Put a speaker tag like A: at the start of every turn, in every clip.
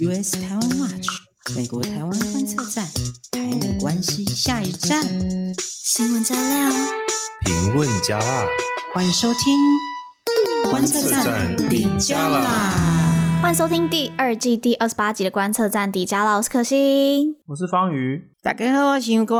A: US 台灣 watch 美國台灣觀測站，台美關係下一站。新
B: 聞加料，評論加辣，
A: 歡迎收聽
C: 觀測站戰底加啦。
B: 歡
C: 迎收聽第二季第二十八集的觀測站底加啦，我是可心，我是方瑜，大家好，我想香，菇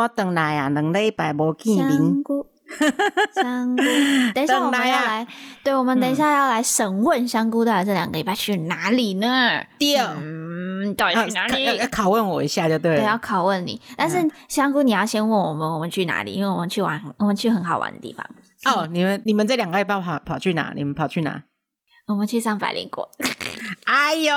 C: 香菇，等一下我們要來，來啊、對，我們等一下要來審問香菇到底在這兩個禮拜去哪裡呢？掉對。嗯嗯，到底去哪裡？啊、考要拷問我一下就對了。對，要拷問你。但是香菇，你要先問我們，我們去哪裡？因為我們去玩，我們去很好玩的地方。哦，你們你們這兩個要跑跑跑
A: 去哪？你們跑去哪？
C: 我們去上百靈果。
A: 哎呦，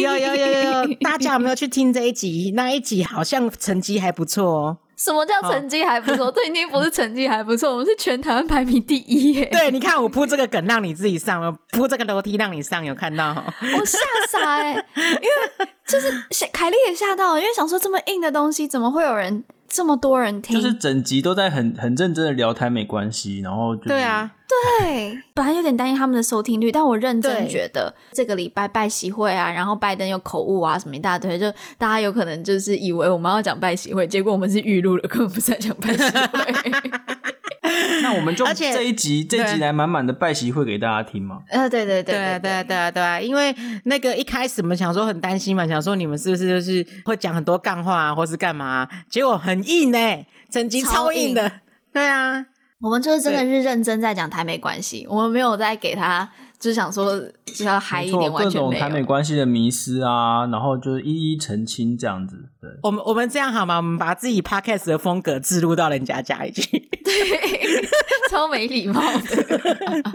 C: 有有有有！ 大家有
A: 沒有去聽這一集？那一集好像成績還不錯哦。
C: 什麼叫成績還不錯？對，
A: 你不是成績還不錯，我們是全台灣排名第一耶！對，你看我鋪這個梗讓你自己上，我鋪這個樓梯讓你上，有看到齁。
C: 我、欸？我嚇傻欸，因為就是凱麗也嚇到了，因為想說這麼硬的東西怎麼會有人？這麼多人聽，就是
B: 整集都在很很認真的聊台美關係，然後、就是、對啊，
C: 對，本來有點擔心他們的收聽率，但我認真覺得這個禮拜拜習會啊，然後拜登有口誤啊，什麼一大堆，就大家有可能就是以為我們要講拜習會，結果我們是預錄了，根本不是在講拜習會。
B: 那我們就這一集這一集來滿滿的拜習會給大家聽嗎？
A: 呃，對對對對對對對啊！因為那個一開始我們想說很擔心嘛，想說你們是不是就是會講很多幹話啊，或是幹嘛、啊？結果很硬哎、欸，整集超硬的。
C: 硬 對啊，我們就是真的是認真在講台美關係，對我們沒有在給他。就是想說，就要嗨一點，錯錯，完全各種台美
B: 關係的迷思啊，然後就是一一澄清這樣子。對，
A: 我們我們這樣好嗎？我們把自己 podcast 的風格置入到人家家裡去。對， 超沒禮貌的。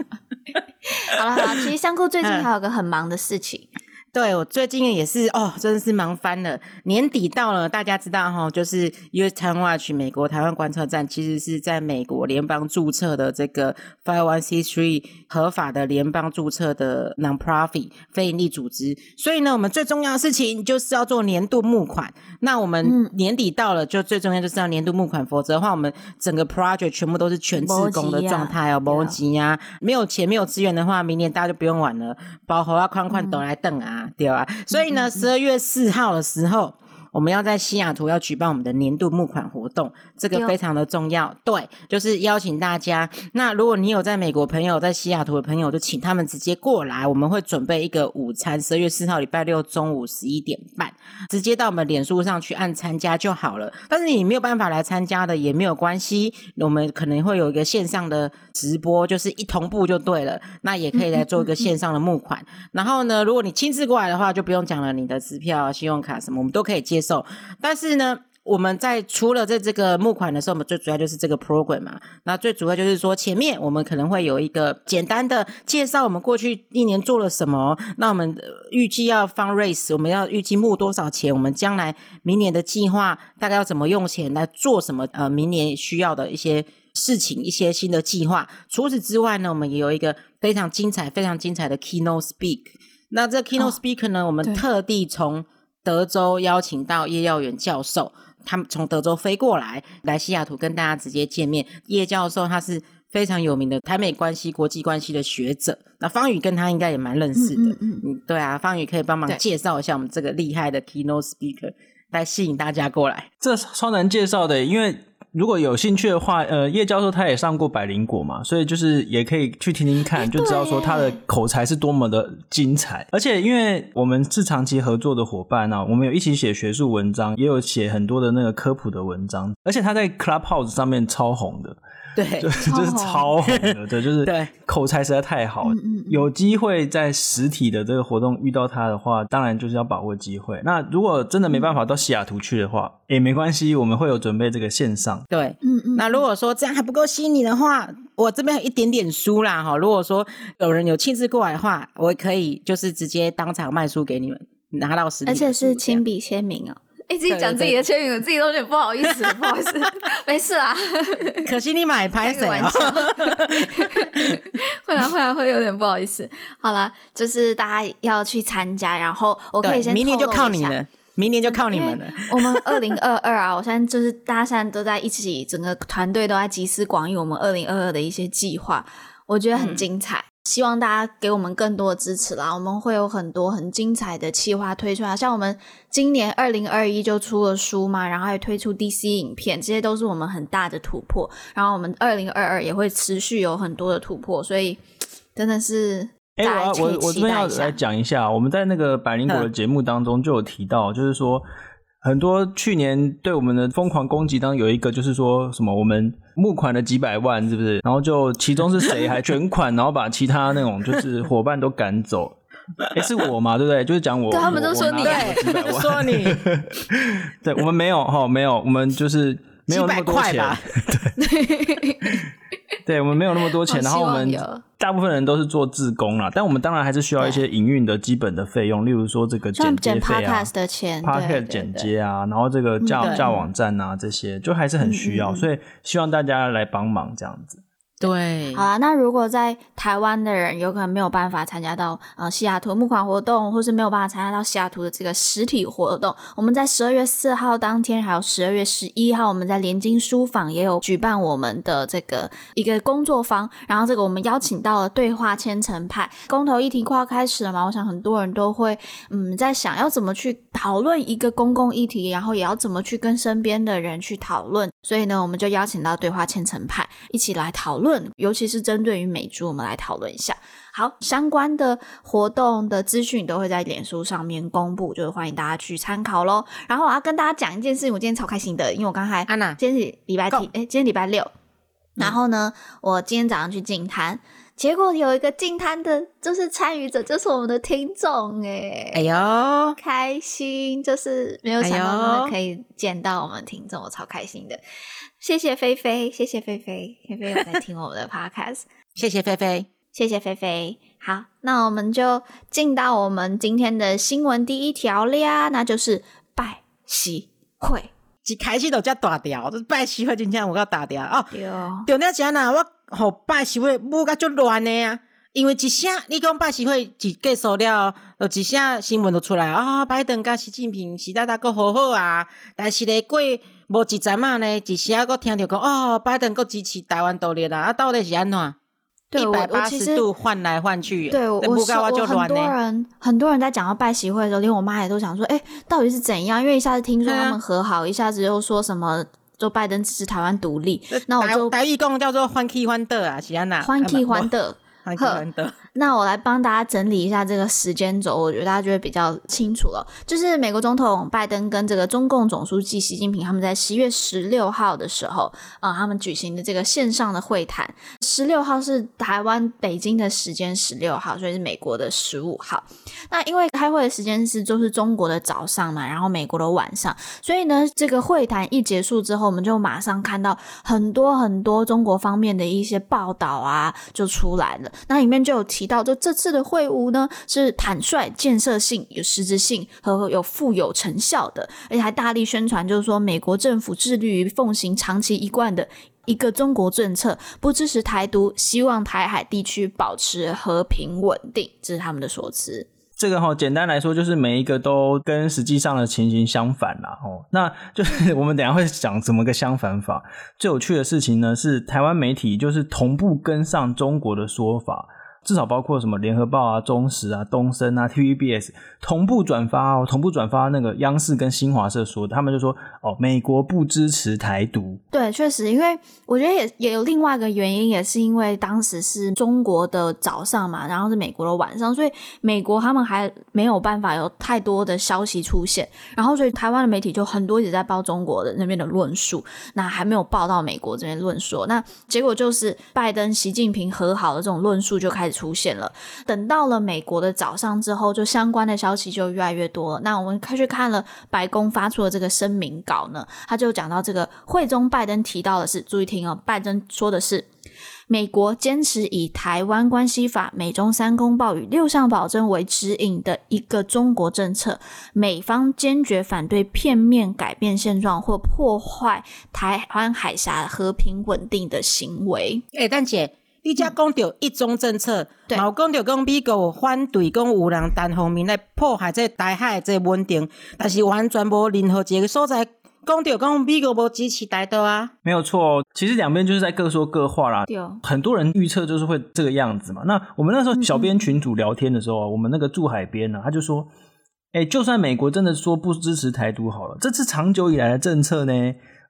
A: 好了好了，其實香菇最近還有個很忙的事情。嗯對我最近也是哦，真的是忙翻了。年底到了，大家知道哈，就是 US Taiwan Watch 美國台灣觀測站，其實是在美國聯邦註冊的這個 Five One C Three 合法的聯邦註冊的 Nonprofit 非盈利組織。所以呢，我們最重要的事情就是要做年度募款。那我們年底到了，嗯、就最重要就是要年度募款，否則的話，我們整個 project 全部都是全志工的狀態哦，無錢啊，沒有錢，沒有資源的話，明年大家就不用玩了，薄荷啊，寬寬都來等啊。對啊，所以呢，十二月四號的時候，嗯、我們要在西雅圖要舉辦我們的年度募款活動。這個非常的重要，對，就是邀請大家。那如果你有在美國朋友、在西雅圖的朋友，就請他們直接過來，我們會準備一個午餐。十二月四號禮拜六中午十一點半，直接到我們臉書上去按參加就好了。但是你沒有辦法來參加的也沒有關係，我們可能會有一個線上的直播，就是一同步就對了。那也可以來做一個線上的募款。然後呢，如果你親自過來的話，就不用講了，你的支票、啊、信用卡什麼，我們都可以接受。但是呢，我們在除了在這個募款的時候，我們最主要就是這個 program 嘛。那最主要就是說，前面我們可能會有一個簡單的介紹，我們過去一年做了什麼。那我們預計要 fundraise，我們要預計募多少錢？我們將來明年的計劃大概要怎麼用錢來做什麼？呃，明年需要的一些事情，一些新的計劃。除此之外呢，我們也有一個非常精彩、非常精彩的 keynote speak。那這 keynote、哦、speaker 呢，我們特地從德州邀請到葉耀遠教授。他們從德州飛過來，來西雅圖跟大家直接見面。葉教授他是非常有名的台美關係、國際關係的學者，那方宇跟他應該也蠻認識的。嗯，嗯，嗯，嗯，對啊，方宇可以幫忙介紹一下我們這個厲害的 keynote speaker，對來吸引大家過來。這超難介紹
B: 的，因為。如果有興趣的話，呃，葉教授他也上過《百靈果》嘛，所以就是也可以去聽聽看，就知道說他的口才是多麼的精彩。對而且因為我們是長期合作的夥伴呢，我們有一起寫學術文章，也有寫很多的那個科普的文章。而且他在 Clubhouse 上面超紅的。
A: 對就紅就、就是超
B: 好的， 對，就是對，口才實在太好了。有機會在實體的這個活動遇到他的話，當然就是要把握機會。那如果真的沒辦法到西雅圖去的話，也、嗯、沒關係，我們會有準備這
A: 個線上。對，嗯，嗯嗯。那如果說這樣還不夠吸引你的話，我這邊有一點點書啦哈。如果說有人有親自過來的話，我可以就是直接當場賣書給你們，拿到實體，而且是親筆簽名哦。
C: 哎、欸，自己講自己的簽名，我對自己都有點不好意思，不好意思， 沒事啊。可惜你買拍水啊。 會啊，會啊，會有點不好意思。好啦，就是大家要去參加，然後我可以先透露一下。明年就靠你們，
A: 明年就靠你們了。
C: 嗯、我們二零二二啊，我現在就是大家現在都在一起，整個團隊都在集思廣益，我們二零二二的一些計劃，我覺得很精彩。嗯希望大家給我們更多的支持啦！我們會有很多很精彩的企劃推出來，像我們今年二零二一就出了書嘛，然後還推出 DC 影片，這些都是我們很大的突破。然後我們二零二二也會持續有很多的突破，所以真的是有、欸、啊！我我這邊要來
B: 講一下，我們在那個百靈果的節目當中就有提到，就是說。很多去年對我們的瘋狂攻擊當中，有一個就是說什麼我們募款了幾百萬，是不是？然後就其中是誰還捲款，然後把其他那種就是夥伴都趕走？哎、欸，是我嘛？對不對？就是講我，跟他們都說你我，我欸、說你， 對，我們沒有哈，沒有，我們就是。沒有那麼多錢，對對，我們沒有那麼多錢。然後我們大部分人都是做志工啦，但我們當然還是需要一些營運的基本的費用，例如說這個剪接費啊、Podcast 的錢、Podcast 剪接啊，然後這個架架網站啊，這些就還是很需要，所以希望大家來幫忙這樣子。
C: 對，好啦，啊，那如果在台灣的人有可能沒有辦法參加到呃西雅圖募款活動，或是沒有辦法參加到西雅圖的這個實體活動，我們在十二月四號當天，還有十二月十一號，我們在聯經書房也有舉辦我們的這個一個工作坊。然後這個我們邀請到了對話千層派，公投議題快要開始了嘛，我想很多人都會嗯在想要怎麼去討論一個公共議題，然後也要怎麼去跟身邊的人去討論，所以呢，我們就邀請到對話千層派一起來討論。尤其是針對於美珠，我們來討論一下。好，相關的活動的資訊都會在臉書上面公布，就是歡迎大家去參考嘍。然後我要跟大家講一件事情，我今天超開心的，因為我剛才，今天是禮拜幾？哎，安娜，今天禮拜六，嗯，然後呢，我今天早上去淨灘，結果有一個淨灘的，就是參與者，就是我們的聽眾，哎，哎呦，開心，就是沒有想到我們可以見到我們聽眾，哎呦，我超開心的。謝謝菲菲，謝謝菲菲，菲菲有在聽我們的 podcast。 謝謝菲菲，謝謝菲菲。好，那我們就進到我們今天的新聞第一條了呀，那
A: 就是拜習是會。一開始都叫打掉，拜習會今天我要打掉哦，對哦，對啊，姐呢？我好拜習會，不個就亂了呀。因為一下，你講拜習會幾個束料就一下新聞都出來啊、哦，拜登跟習近平、習大大擱好好啊，但是呢過。無一陣嘛呢？一時阿個聽到講哦，拜登個支持台灣獨立啦！啊，到底是安怎？
C: 一百八十度
A: 換來換去。對，我我我很多人、很，
C: 很多人在講到拜習會的時候，連我媽也都想說：誒、欸，到底是怎樣？因為一下子聽說他們和好，啊、一下子又說什麼，就
A: 拜登支持台灣獨立。嗯、那我就台語講叫做“歡 k 歡德啊，喜安哪？歡 k 歡德。歡 k 歡得。嗯。
C: 那我來幫大家整理一下這個時間軸，我覺得大家就會比較清楚了。就是美國總統拜登跟這個中共總書記習近平他們在十一月十六號的時候，啊、嗯，他們舉行的這個線上的會談。十六號是台灣北京的時間，十六號，所以是美國的十五號。那因為開會的時間是就是中國的早上嘛，然後美國的晚上，所以呢，這個會談一結束之後，我們就馬上看到很多很多中國方面的一些報道啊，就出來了。那裡面就有提。到就這次的會晤呢，是坦率、建設性、有實質性和有富有成效的，而且還大力宣傳，就是說美國政府致力於奉行長期一貫的一個中國政策，不支持台獨，希望台海地區保持和平穩定，這是他們的說辭。
B: 這個、哦、簡單來說，就是每一個都跟實際上的情形相反了。哦，那就是我們等下會講怎麼個相反法。最有趣的事情呢，是台灣媒體就是同步跟上中國的說法。至少包括什麼聯合報啊、中時啊、東森啊、TVBS 同步轉發哦，同步轉發那個央視跟新華社說的，他們就說哦，美國不支持台獨。
C: 對，確實，因為我覺得也也有另外一個原因，也是因為當時是中國的早上嘛，然後是美國的晚上，所以美國他們還沒有辦法有太多的消息出現，然後所以台灣的媒體就很多一直在報中國的那邊的論述，那還沒有報到美國這邊的論述，那結果就是拜登、習近平和好的這種論述就開始。出現了。等到了美國的早上之後，就相關的消息就越來越多了。那我們開始看了白宮發出的這個聲明稿呢，他就講到這個，會中拜登提到的是，注意聽哦，拜登說的是，美國堅持以台灣關係法、美中三公報與六項保證為指引的一個中國政策。美方堅決反對片面改變現狀或破壞台
A: 灣海峽和平穩定的行為。誒、欸，蛋姐。你家講到一中政策，然後講到美國反對講有人單方面來破壞這個台海這穩定，但是完全無任何一個所在講到講美國無支持台獨啊？
B: 沒有錯，其實兩邊就是在各說各話啦。對很多人預測就是會這個樣子嘛。那我們那時候小編群組聊天的時候，嗯、我們那個住海邊呢、啊，他就說：“哎、欸，就算美國真的說不支持台獨好了，這是長久以來的政策呢。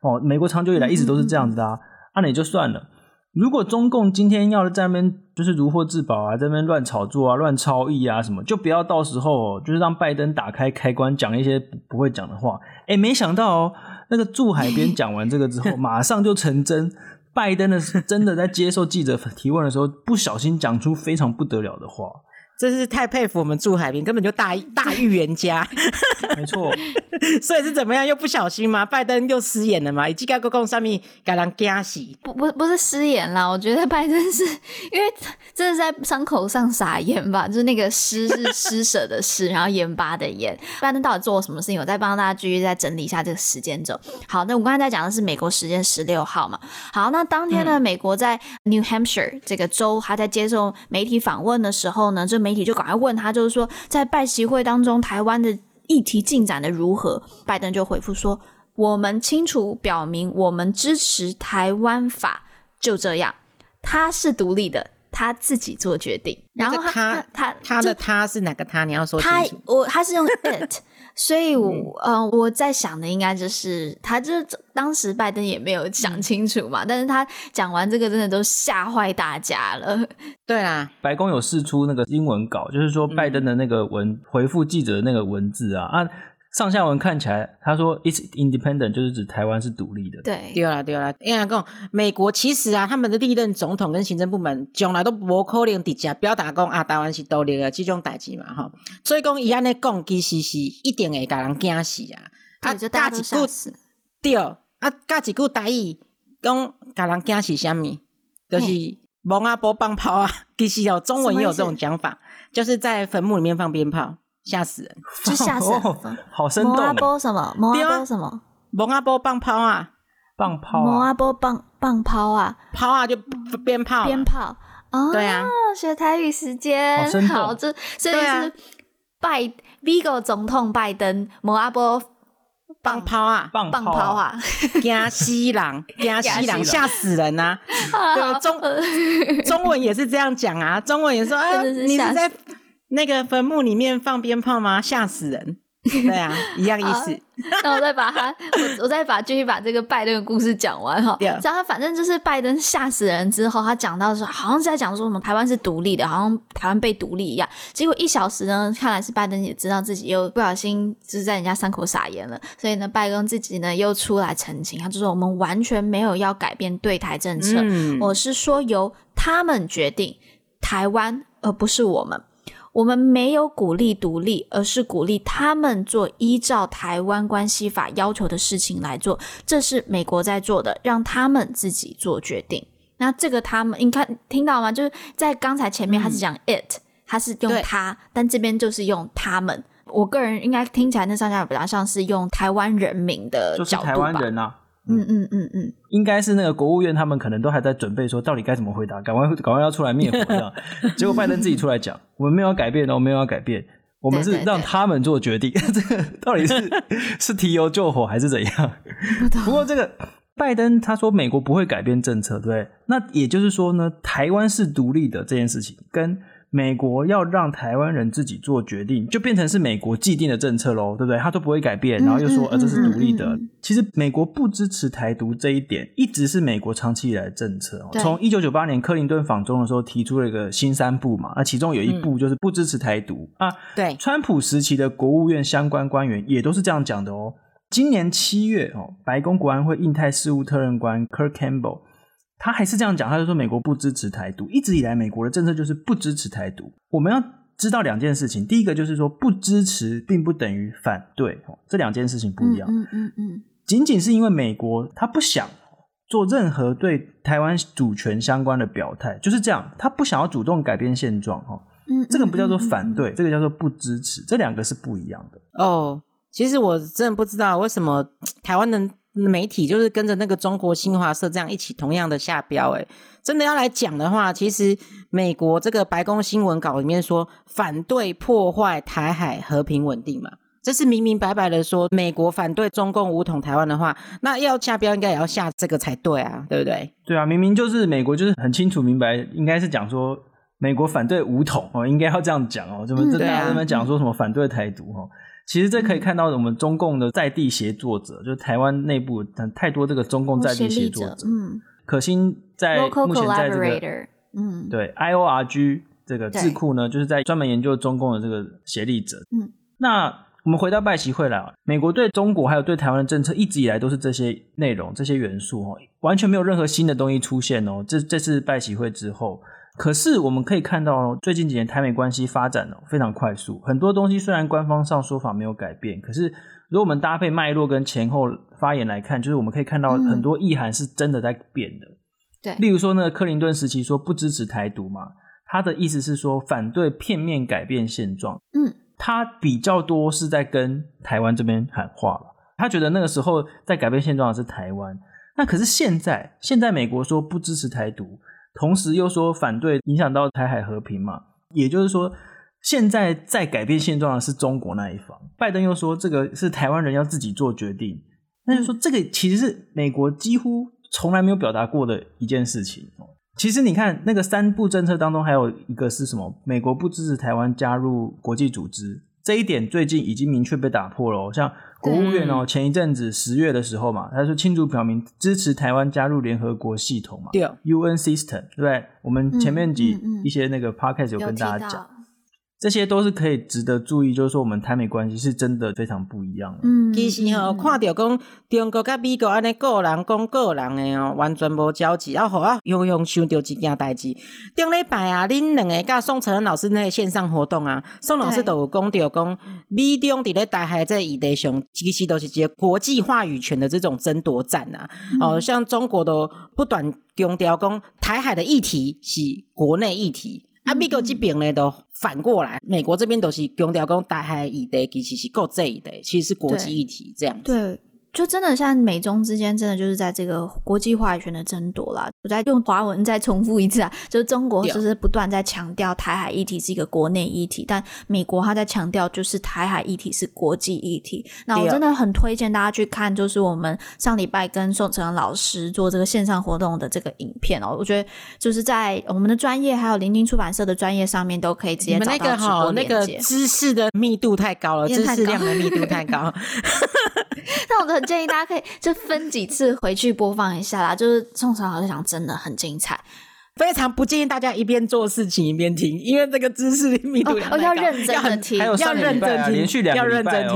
B: 哦、喔，美國長久以來一直都是這樣子的、啊，那也、嗯啊、就算了。”如果中共今天要在那邊，就是如獲至寶啊，在那邊亂炒作啊，亂超譯啊什麼，就不要到時候、喔、就是讓拜登打開開關講一些不，不會講的話。哎、欸，沒想到哦、喔，那個住海邊講完這個之後，馬上就成真。 拜登的是真的在接受記者提問的時候，不小心講出非常不得了的話。
A: 真是太佩服我們住海邊，根本就大大預言家。 沒錯， 所以是怎麼樣？又不小心嗎？拜登又失言了嘛？上面給人驚喜？不不是失言啦。我覺得拜登是因為這
C: 是在傷口上撒鹽吧？就是那個施是施捨的施， 然後鹽巴的鹽。拜登到底做了什麼事情？我再幫大家繼續再整理一下這個時間軸。好，那我剛才在講的是美國時間十六號嘛？好，那當天呢，嗯、美國在 New Hampshire 這個州還在接受媒體訪問的時候呢，這媒體就趕快問他，就是說在拜習會當中，台灣的。議題進展的如何？拜登就回復說：“我們清楚表明，我們支持《台灣法》。就這樣，他是獨立的，他自己
A: 做決定。然後他他他，他的他是哪個他？就你要說清楚他，我他是用
C: it。” 所以，嗯、呃，我在想的應該就是，他就當時拜登也沒有講清楚嘛，嗯、但是他講完這個真的都嚇壞大家了。對啦，
B: 白宮有釋出那個英文稿，就是說拜登的那個文、嗯、回復記者的那個文字啊啊。上下文看起來，他說 "It's independent" 就是指台灣是獨立
A: 的。對，對啦，對啦，因為講美國其實啊，他們的歷任總統跟行政部門從來都無可能直接表達講啊，台灣是獨立的這種代志嘛，齁。所以講伊安尼講，其實是一定會給人驚死呀、啊。我就大多少次？對，啊，加一句台語，講給人驚死什麼？就是墓仔埔放炮啊，其實哦，中文也有這種講法，就是在墳墓裡面放鞭炮。嚇死人！就嚇死人，好生動。摩阿波什麼？摩阿波什麼？摩阿波棒拋啊！棒拋！摩阿波棒棒拋啊！拋啊！就鞭炮，鞭炮啊！對啊，
C: 學台語時間，好，這所以是拜 Vigo 總統拜登，摩阿波
A: 棒拋啊！棒拋啊！江西狼，江西狼驚死人，驚死人，嚇死人啊！對啊，中中文也是這樣講啊，中文也說啊，你是在。那個墳墓裡面放鞭炮嗎？嚇死人！對啊，一樣意思。
C: 啊、那我再把他， 我再把繼續把這個拜登的故事講完哈。講對他反正就是拜登嚇死人之後，他講到的時候好像是在講說什麼台灣是獨立的，好像台灣被獨立一樣。結果一小時呢，看來是拜登也知道自己又不小心就是在人家傷口撒鹽了，所以呢，拜登自己呢又出來澄清，他就說我們完全沒有要改變對台政策，嗯、我是說由他們決定台灣，而不是我們。我們沒有鼓勵獨立，而是鼓勵他們做依照台灣關係法要求的事情來做。這是美國在做的，讓他們自己做決定。那這個他們，你看聽到嗎？就是在剛才前面他是講 it，、嗯、他是用他，對但這邊就是用他們。我個人應該聽起來那上下比較像是用台灣人民的就是台灣人，啊、角度吧。嗯嗯
B: 嗯嗯，應該是那個國務院他們可能都還在準備，說到底該怎麼回答，趕快趕快要出來滅火一下。 結果拜登自己出來講，我們沒有要改變，我們沒有要改變，我們是讓他們做決定。這個 到底是是提油救火還是怎樣？ 不，不過這個拜登他說美國不會改變政策，對？那也就是說呢，台灣是獨立的這件事情跟。美國要讓台灣人自己做決定，就變成是美國既定的政策嘍，對不對？他都不會改變，然後又說呃、嗯嗯、這是獨立的。嗯嗯嗯嗯、其實美國不支持台獨這一點，一直是美國長期以來的政策對從一九九八年克林頓訪中的時候提出了一個新三不嘛，那其中有一不就是不支持台獨、嗯、啊。對，川普時期的國務院相關官員也都是這樣講的哦。今年七月哦，白宮國安會印太事務特任官 Kurt Campbell。他還是這樣講，他就說美國不支持台獨，一直以來美國的政策就是不支持台獨。我們要知道兩件事情，第一個就是說不支持並不等於反對，這兩件事情不一樣。嗯嗯嗯。嗯嗯嗯僅僅是因為美國他不想做任何對台灣主權相關的表態，就是這樣，他不想要主動改變現狀。嗯嗯、這個不叫做反對，嗯嗯嗯、這個叫做不支持，這兩個是不一樣的。
A: 哦，其實我真的不知道為什麼台灣能。媒體就是跟着那個中國新華社這樣一起同樣的下標，哎，真的要來講的話，其實美國這個白宮新聞稿裡面說反對破壞台海和平穩定嘛，這是明明白白的說美國反對中共武統台灣的話，那要下標應該也要下這個才對啊，對不對？
B: 對啊，明明就是美國就是很清楚明白，應該是講說美國反對武統哦，應該要這樣講哦，怎麼大家這邊講說什麼反對台獨哈？嗯其實這可以看到我們中共的在地協作者，嗯、就是台灣內部太多這個中共在地協作者。者嗯，可欣在目前在這個，嗯，對，I O R G 這個智庫呢，對就是在專門研究中共的這個協力者。嗯，那我們回到拜習會來，美國對中國還有對台灣的政策一直以來都是這些內容、這些元素完全沒有任何新的東西出現哦，這這次拜習會之後。可是我們可以看到，最近幾年台美關係發展了非常快速，很多東西雖然官方上說法沒有改變，可是如果我們搭配脈絡跟前後發言來看，就是我們可以看到很多意涵是真的在變的。嗯、對，例如說那個，克林頓時期說不支持台獨嘛，他的意思是說反對片面改變現狀。嗯，他比較多是在跟台灣這邊喊話了，他覺得那個時候在改變現狀的是台灣。那可是現在，現在美國說不支持台獨。同時又說反對，影響到台海和平嘛，也就是說，現在在改變現狀的是中國那一方。拜登又說這個是台灣人要自己做決定，那就說這個其實是美國幾乎從來沒有表達過的一件事情。其實你看那個三不政策當中還有一個是什麼？美國不支持台灣加入國際組織這一點，最近已經明確被打破了哦。像國務院哦，前一陣子十月的時候嘛，他說清楚表明支持台灣加入聯合國系統嘛對，UN system，對不對？我們前面幾一些那個 podcast 有跟大家講。嗯嗯嗯這些都是可以值得注意，就是說我們台美關係是真的
A: 非常不一樣的。嗯其實吼，嗯、看到講中國甲美國安尼個人講個人的完全無交集。然、哦、好啊，又又想到幾件代志。頂禮拜啊，恁兩個甲宋承恩老師那個線上活動啊，宋老師都講到說美中佇咧台海這議題上，其實都是些國際話語權的這種爭奪戰吶、啊。哦、嗯呃，像中國都不斷強調說台海的議題是國內議題，嗯、啊，美國這邊呢都。反過來，美國這邊都是強調講，台海議題其實是國際議題，其實是國際議題這樣子。對
C: 對就真的像美中之間，真的就是在這個國際話語權的爭奪了。我再用華文再重複一次啦，就是中國就是不斷在強調台海議題是一個國內議題，對啊、但美國它在強調就是台海議題是國際議題。對啊、那我真的很推薦大家去看，就是我們上禮拜跟宋成老師做這個線上活動的這個影片哦、喔。我覺得就是在我們的專業，還有林林出版社的專業上面，都可以直接找到。好、哦，那個知識的密度太高了，高知識量的密度太高。 那我都很建議大家可以就分幾次回去播放一下啦，就是宋朝老師講真的很精彩，非常不建議大家一邊做事情一邊聽，因為那個知識密度哦。哦，要認真的聽，還有上個禮拜、啊、要認真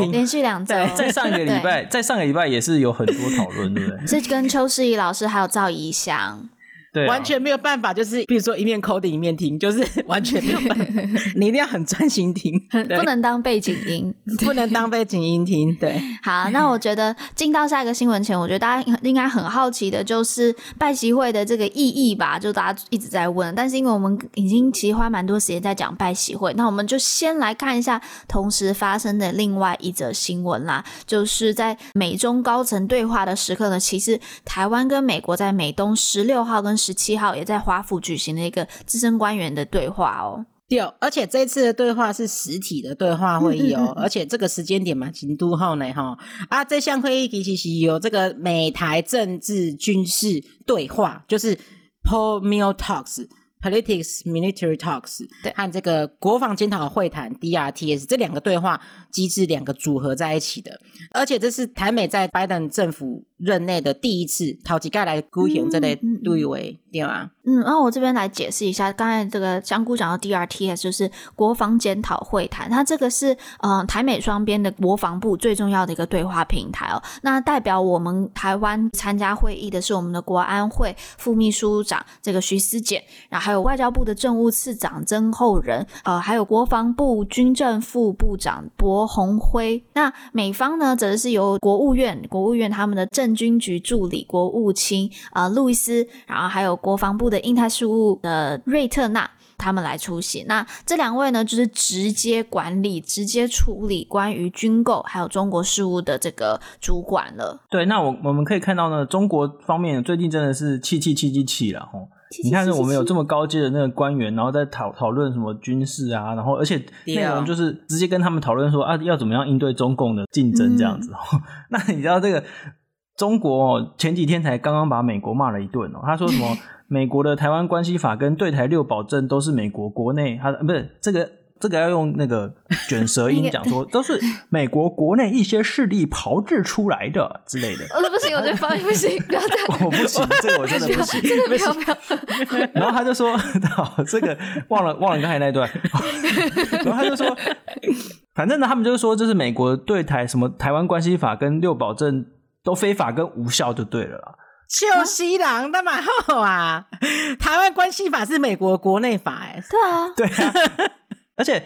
C: 聽，連續兩、哦、對，在上個禮拜
B: 在上個禮拜也是有很多討論，對不
C: 對？ 是跟邱師儀老
A: 師還有趙怡翔。對啊、完全沒有辦法，就是比如說一面 code 的，一面聽，就是完全沒有辦法。 你一定要很專心聽，不能當背景音， 不能當背景音聽。對，
C: 好，那我覺得進到下一個新聞前，我覺得大家應該很好奇的，就是拜習會的這個意義吧？就大家一直在問，但是因為我們已經其實花蠻多時間在講拜習會，那我們就先來看一下同時發生的另外一則新聞啦。就是在美中高層對話的時刻呢，其實台灣跟美國在美東十六號跟。十七號也在華府舉行了一個資深官員的對話
A: 哦，對，而且這次的對話是實體的對話會議哦， 而且這個時間點嘛、哦，京都號呢哈啊，這項會議其實是由這個美台政治軍事對話，就是 Pol-Mil Talks, Politics Military Talks 對和這個國防檢討會談 DRTS 這兩個對話機制兩個組合在一起的，而且這是台美在拜登政府。任內的第一次陶吉蓋來孤行這類、嗯嗯、對吧嗎？嗯，然後我這邊來解釋一下，剛才這個香菇講
C: 的 DRTs 啊，就是國防檢討會談。那這個是呃台美雙邊的國防部最重要的一個對話平台哦。那代表我們台灣參加會議的是我們的國安會副秘書長這個徐思儉，然後還有外交部的政務次長曾厚仁，呃，還有國防部軍政副部長博鴻輝。那美方呢，則是由國務院，國務院他們的政軍局助理國務卿啊、呃，路易斯，然後還有國防部的印太事務的、呃、瑞特納，他們來出席。那這兩位呢，就是直接管理、直接處理關於軍購還有中國事務的這個主管了。
B: 對，那我我們可以看到呢，中國方面最近真的是氣氣氣氣氣了。
C: 你看，我們有這
B: 麼高階的那個官員，然後在討討論什麼軍事啊，然後而且內容就是直接跟他們討論說了啊，要怎麼樣應對中共的競爭這樣子。嗯、 那你知道這個？中國前幾天才剛剛把美國罵了一頓哦，他說什麼美國的台灣關係法跟對台六保證都是美國國內，他不是這個這個要用那個卷舌音講說都是美國國內一些勢力炮制出來的之類的。那
C: 不行，我這發音不行，不要這樣。我不行，這個我真的不行，
B: 不不 然後他就說，好，這個忘了忘了剛才那段。
C: 然後他就說，
B: 反正呢，他們就是說，這是美國對台什麼台灣關係法跟六保證。都非法跟無效就對了啦。
A: 西蘭那麼好啊，台灣關係法是美國國內法哎、欸。對啊，對
B: 啊。而且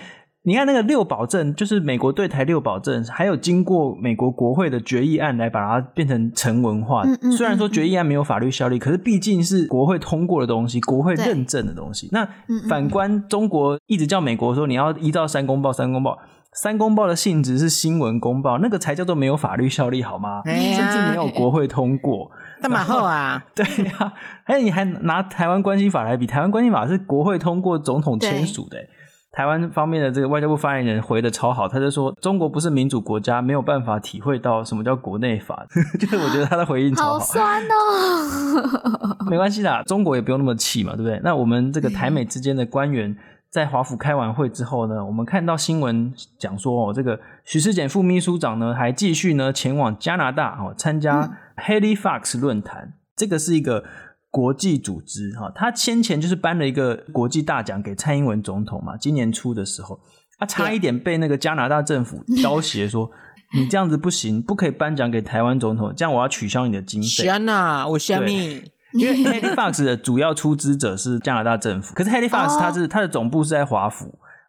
B: 你看那個六保證，就是美國對台六保證，還有經過美國國會的決議案來把它變成成文化。嗯嗯嗯、雖然說決議案沒有法律效力，嗯嗯嗯、可是畢竟是國會通過的東西，國會認證的東西。對那反觀中國一直叫美國說你要依照三公報，三公報。三公報的性質是新聞公報，那個才叫做沒有法律效力，好嗎？哎、呀甚至沒有國會通過。
A: 在馬後啊，
B: 對啊，哎，你還拿台灣關係法來比？台灣關係法是國會通過、總統簽署的。對台灣方面的這個外交部發言人回的超好，他就說中國不是民主國家，沒有辦法體會到什麼叫國內法。 就是我覺得他的回應超好。好酸哦， 沒關係啦，中國也不用那麼氣嘛，對不對？那我們這個台美之間的官員。哎在華府開完會之後呢，我們看到新聞講說，哦，這個徐斯儉副秘書長呢，還繼續呢前往加拿大哦，參加 Halifax 論壇。嗯、這個是一個國際組織哈、哦，他先前就是頒了一個國際大獎給蔡英文總統嘛，今年初的時候，他差一點被那個加拿大政府要挾說，嗯、 你這樣子不行，不可以頒獎給台灣總統，這樣我要取消你的經費。
A: 我 因為 Halifax
B: 的主要出資者是加拿大政府，可是 Halifax 他它是它、oh. 的總部是在華府，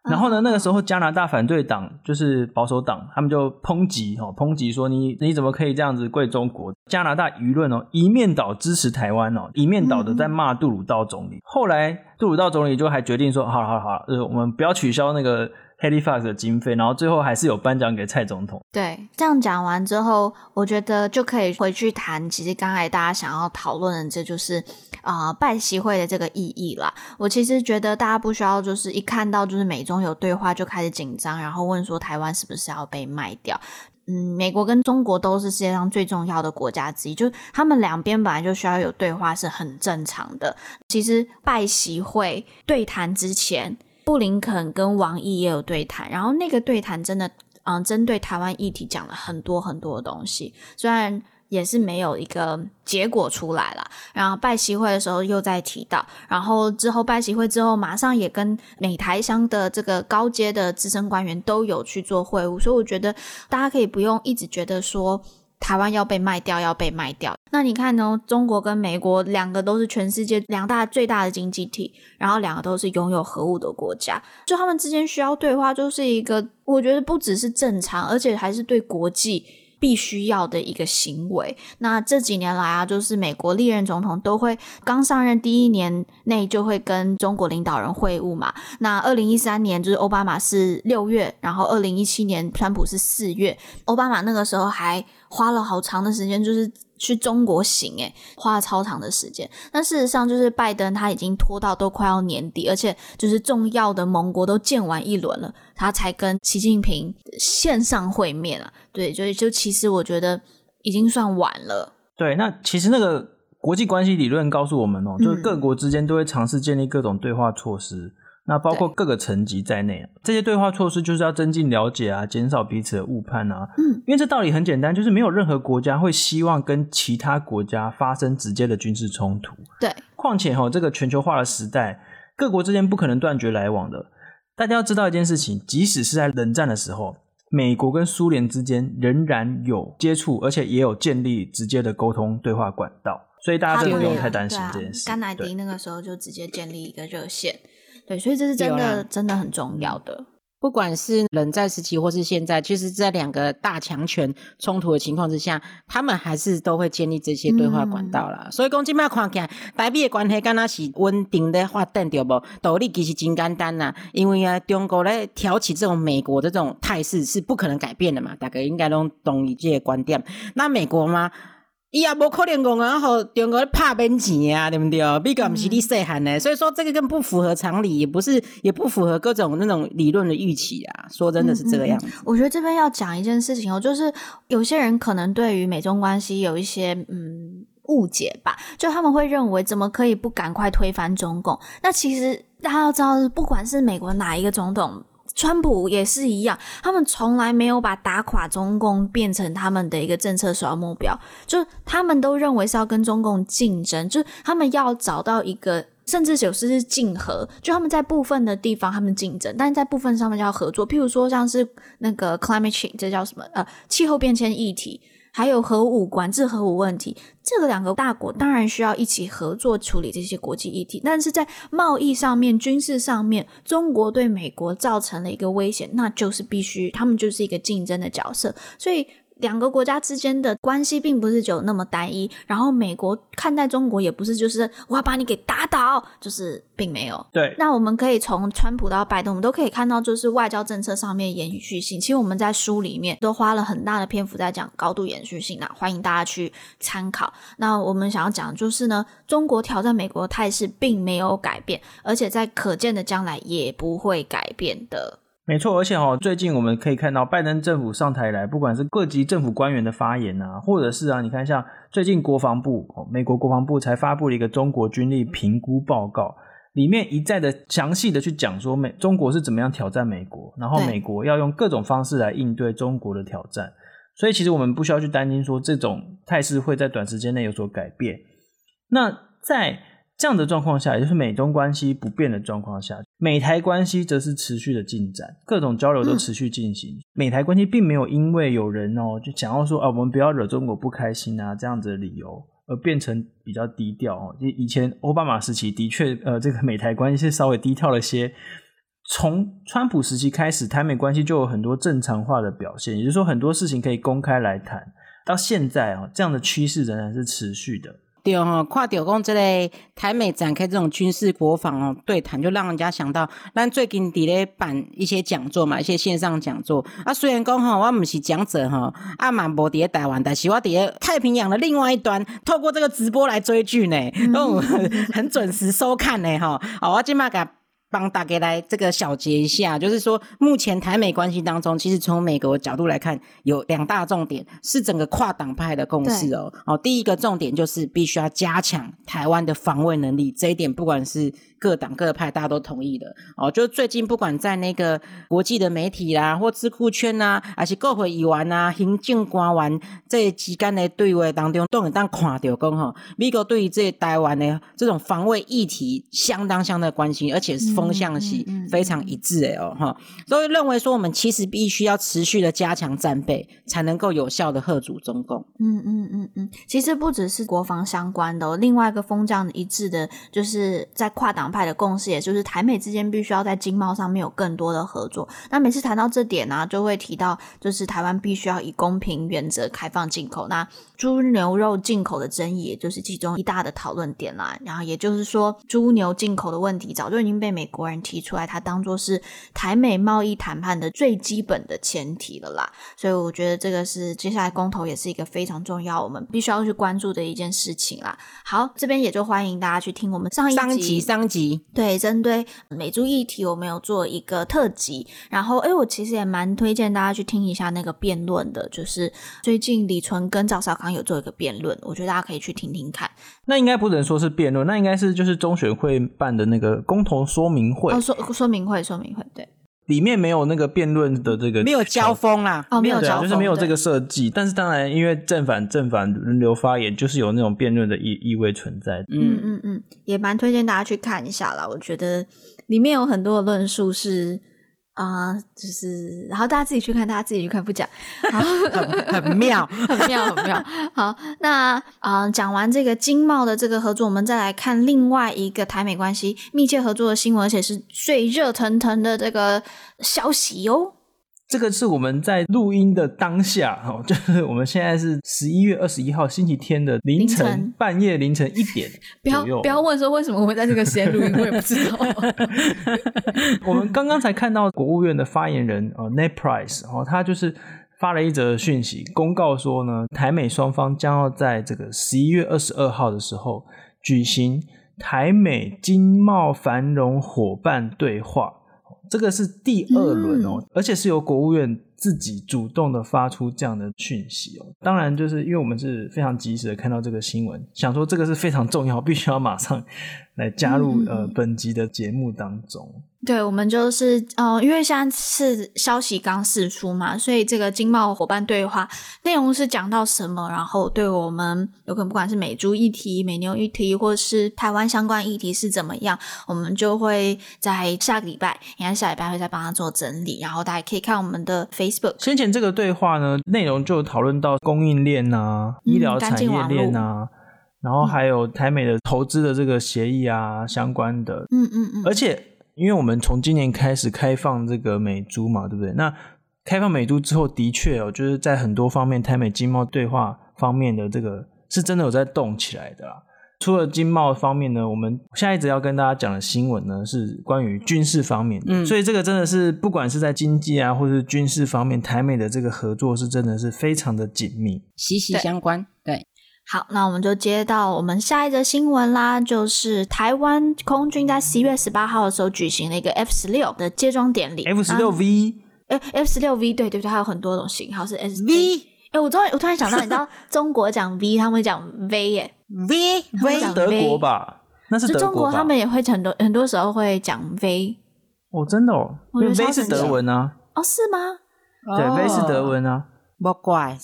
B: 然後呢，那個時候加拿大反對黨就是保守黨，他們就抨擊哈，抨擊說你你怎麼可以這樣子跪中國？加拿大輿論哦一面倒支持台灣哦，一面倒的在罵杜魯道總理。嗯、後來杜魯道總理就還決定說，好了好了好了，就是我們不要取消那個。Halifax 的經費，然後最後還是有頒獎給蔡總統。
C: 對，這樣講完之後，我覺得就可以回去談。其實剛才大家想要討論的，這就是啊、呃，拜習會的這個意義啦。我其實覺得大家不需要，就是一看到就是美中有對話就開始緊張，然後問說台灣是不是要被賣掉？嗯，美國跟中國都是世界上最重要的國家之一，就他們兩邊本來就需要有對話是很正常的。其實拜習會對談之前，布林肯跟王毅也有對談，然後那個對談真的，嗯，針對台灣議題講了很多很多的東西，雖然也是沒有一個結果出來啦。然後拜習會的時候又在提到，然後之後拜習會之後馬上也跟美台相關的這個高階的資深官員都有去做會晤，所以我覺得大家可以不用一直覺得說。台灣要被賣掉，要被賣掉。那你看呢？中國跟美國兩個都是全世界兩大最大的經濟體，然後兩個都是擁有核武的國家，就他們之間需要對話，就是一個我覺得不只是正常，而且還是對國際必須要的一個行為。那這幾年來啊，就是美國歷任總統都會剛上任第一年內就會跟中國領導人會晤嘛。那2013年就是奧巴馬是6月，然後2017年川普是4月，奧巴馬那個時候還。花了好長的時間，就是去中國行，誒，花了超長的時間。但事實上，就是拜登他已經拖到都快要年底，而且就是重要的盟國都建完一輪了，他才跟習近平線上會面了啊。對，所以就其實我覺得已經算晚
B: 了。對，那其實那個國際關係理論告訴我們哦、喔，嗯，就是各國之間都會嘗試建立各種對話措施。那包括各個層級在內，對這些對話措施就是要增進了解啊，減少彼此的誤判啊。嗯，因為這道理很簡單，就是沒有任何國家會希望跟其他國家發生直接的軍事衝突。對，況且哈、哦，這個全球化的時代，各國之間不可能斷絕來往的。大家要知道一件事情，即使是在冷戰的時候，美國跟蘇聯之間仍然有接觸，而且也有建立直接的溝通對話管道。所以大家真的
C: 不用太擔心這件事。甘乃迪那個時候就直接建立一個熱線。對，所以這是真的，啦
A: 真的很重要的。不管是冷戰時期，或是現在，其實在兩個大強權衝突的情況之下，他們還是都會建立這些對話管道啦。嗯、所以說現在看起來台美的關係，好像是穩定的發展，對不對？道理其實真簡單吶，啊，因為啊，中國來挑起這種美國的這種態勢，是不可能改變的嘛。大家應該都懂一些觀點。那美國嗎？伊也無可能講啊，吼中國怕本錢啊，對不對？畢竟不是你細漢呢，嗯嗯所以說這個更不符合常理，也不是也不符合各種那種理論的預期啊。說真的是這個樣子
C: 嗯嗯。我覺得這邊要講一件事情哦，就是有些人可能對於美中關係有一些嗯誤解吧，就他們會認為怎麼可以不趕快推翻中共？那其實大家要知道，不管是美國哪一個總統。川普也是一樣，他們從來沒有把打垮中共變成他們的一個政策首要目標，就是他們都認為是要跟中共競爭，就是他們要找到一個，甚至有時是競合，就他們在部分的地方他們競爭，但是在部分上面就要合作，譬如說像是那個 climate change，這叫什麼？呃，氣候變遷議題。還有核武管制、核武問題，這個兩個大國當然需要一起合作處理這些國際議題。但是在貿易上面、軍事上面，中國對美國造成了一個威脅，那就是必須他們就是一個競爭的角色，所以。兩個國家之間的關係並不是就那麼單一，然後美國看待中國也不是就是我要把你給打倒，就是並沒有。對，那我們可以從川普到拜登，我們都可以看到，就是外交政策上面的延續性。其實我們在書裡面都花了很大的篇幅在講高度延續性啦、啊，歡迎大家去參考。那我們想要講的就是呢，中國挑戰美國的態勢並沒有改變，而且在可見的將來也不會改變的。
B: 沒錯，而且哦、喔，最近我們可以看到拜登政府上台以來，不管是各級政府官員的發言啊，或者是啊，你看像最近國防部，喔、美國國防部才發布了一個中國軍力評估報告，裡面一再的詳細的去講說美中國是怎麼樣挑戰美國，然後美國要用各種方式來應對中國的挑戰，對所以其實我們不需要去擔心說這種態勢會在短時間內有所改變。那在這樣的狀況下，也就是美中關係不變的狀況下。美台關係則是持續的進展，各種交流都持續進行。嗯、美台關係並沒有因為有人哦、喔、就想要說啊，我們不要惹中國不開心啊這樣子的理由而變成比較低調、喔。就以前奧巴馬時期的確，呃，這個美台關係是稍微低調了些。從川普時期開始，台美關係就有很多正常化的表現，也就是說很多事情可以公開來談。到現在啊、喔，這樣的趨勢仍然是持續的。
A: 對吼、哦，看到講這個台美展開這種軍事國防哦對談，就讓人家想到，咱最近在咧辦一些講座嘛，一些線上講座。啊，雖然講吼、哦，我唔是講者哈、哦，啊，嘛無佇咧台灣，但是我佇咧太平洋的另外一端，透過這個直播來追劇呢，嗯、很準時收看呢、哦，好、哦，我幫大家來這個小結一下，就是說目前台美關係當中，其實從美國角度來看，有兩大重點是整個跨黨派的共識哦。對哦，第一個重點就是必須要加強台灣的防衛能力，這一點不管是各黨各派大家都同意的哦，就是最近不管在那個國際的媒體啦、啊，或智庫圈，啊，還是國會議員啊，行政官員這些之間的對話當中，都很當看到講吼，米國對於這台灣的這種防衛議題相當相當關心，而且風向是非常一致的。嗯嗯嗯嗯哦哈，所以認為說我們其實必須要持續的加強戰備，才能夠有效的嚇阻中共。嗯
C: 嗯嗯嗯，其實不只是國防相關的、哦，另外一個風向一致的就是在跨黨。派的共識，也就是台美之間必須要在經貿上面有更多的合作。那每次談到這點呢、啊，就會提到就是台灣必須要以公平原則開放進口。那豬牛肉進口的爭議，也就是其中一大的討論點啦。然後也就是說，豬牛進口的問題，早就已經被美國人提出來，它當做是台美貿易談判的最基本的前提了啦。所以我覺得這個是接下來公投也是一個非常重要，我們必須要去關注的一件事情啦。好，這邊也就歡迎大家去聽我們上一集。對，針對美豬議題，我們有做一個特輯。然後，哎、欸，我其實也蠻推薦大家去聽一下那個辯論的，就是最近李淳跟趙少康有做一個辯論，我覺得大家可以去聽聽看。那應該不
B: 能說是辯論，那應該是就是中選會辦的那個公投說明會，哦、
C: 說說明會，說
A: 明會，對。
B: 裡面沒有那個辯論的這個，
A: 沒有交鋒啦，哦，沒有交鋒，啊、就是沒有這個
B: 設計。對但是當然，因為正反正反輪流發言，就是有那種辯論的意意味存在。
C: 嗯嗯嗯，也蠻推薦大家去看一下啦。我覺得裡面有很多的論述是。啊、嗯，就是，然後大家自己去看，大家自己去看，不講， 啊、很很妙，很妙， 很妙很妙。好，那啊，嗯、講完這個經貿的這個合作，我們再來看另外一個台美關係密切合作的新聞，而且是最熱騰騰的這個消息喲。
B: 這個是我們在錄音的當下，哦，就是我們現在是十一月二十一號星期天的凌晨，凌晨半夜凌晨一點左右。不要不要
C: 問說為什麼我會在這個時間錄音， 我也不知道。我們
B: 剛剛才看到國務院的發言人哦、uh,，Ned Price 哦、uh,，他就是發了一則訊息公告說呢，台美雙方將要在這個十一月二十二號的時候舉行台美經貿繁榮夥伴對話。這個是第二輪哦，嗯、而且是由國務院自己主動的發出這樣的訊息哦。當然，就是因為我們是非常及時的看到這個新聞，想說這個是非常重要，必須要馬上，來加入、嗯、呃本集的節目當中。
C: 對，我們就是呃，因為現在是消息剛釋出嘛，所以這個經貿夥伴對話內容是講到什麼，然後對我們有可能不管是美豬議題、美牛議題，或者是台灣相關議題是怎麼樣，我們就會在下個禮拜，應該下禮拜會再幫他做整理，然後大家可以看我們的 Facebook。
B: 先前這個對話呢，內容就討論到供應鏈啊、醫療產業鏈啊。嗯然後還有台美的投資的這個協議啊，相關的，嗯嗯嗯。嗯嗯而且，因為我們從今年開始開放這個美豬嘛，對不對？那開放美豬之後，的確哦，就是在很多方面，台美經貿對話方面的這個是真的有在動起來的啦。除了經貿方面呢，我們下一則要跟大家講的新聞呢，是關於軍事方面。嗯，所以這個真的是不管是在經濟啊，或是軍事方面，台美的這個合作是真的是非常的緊密，息息相
C: 關，對。對好，那我們就接到我們下一則新聞啦，就是台灣空軍在十一月十八號的時候舉行了一個 F 十六的接裝典禮，嗯。F 十六 V，F 十六 V，對對對，還有很多種型號是 S, S V。哎，欸，我突然我突然想到，你知道中國講 V，是是，他們講 V 誒 V V, V 是德國吧？那是德國吧？
B: 就中國，他們
C: 也會很多很多時候會講 V。哦，真的哦，因為 V 是德文啊。哦，是嗎？對、oh.，V 是德文啊。莫怪，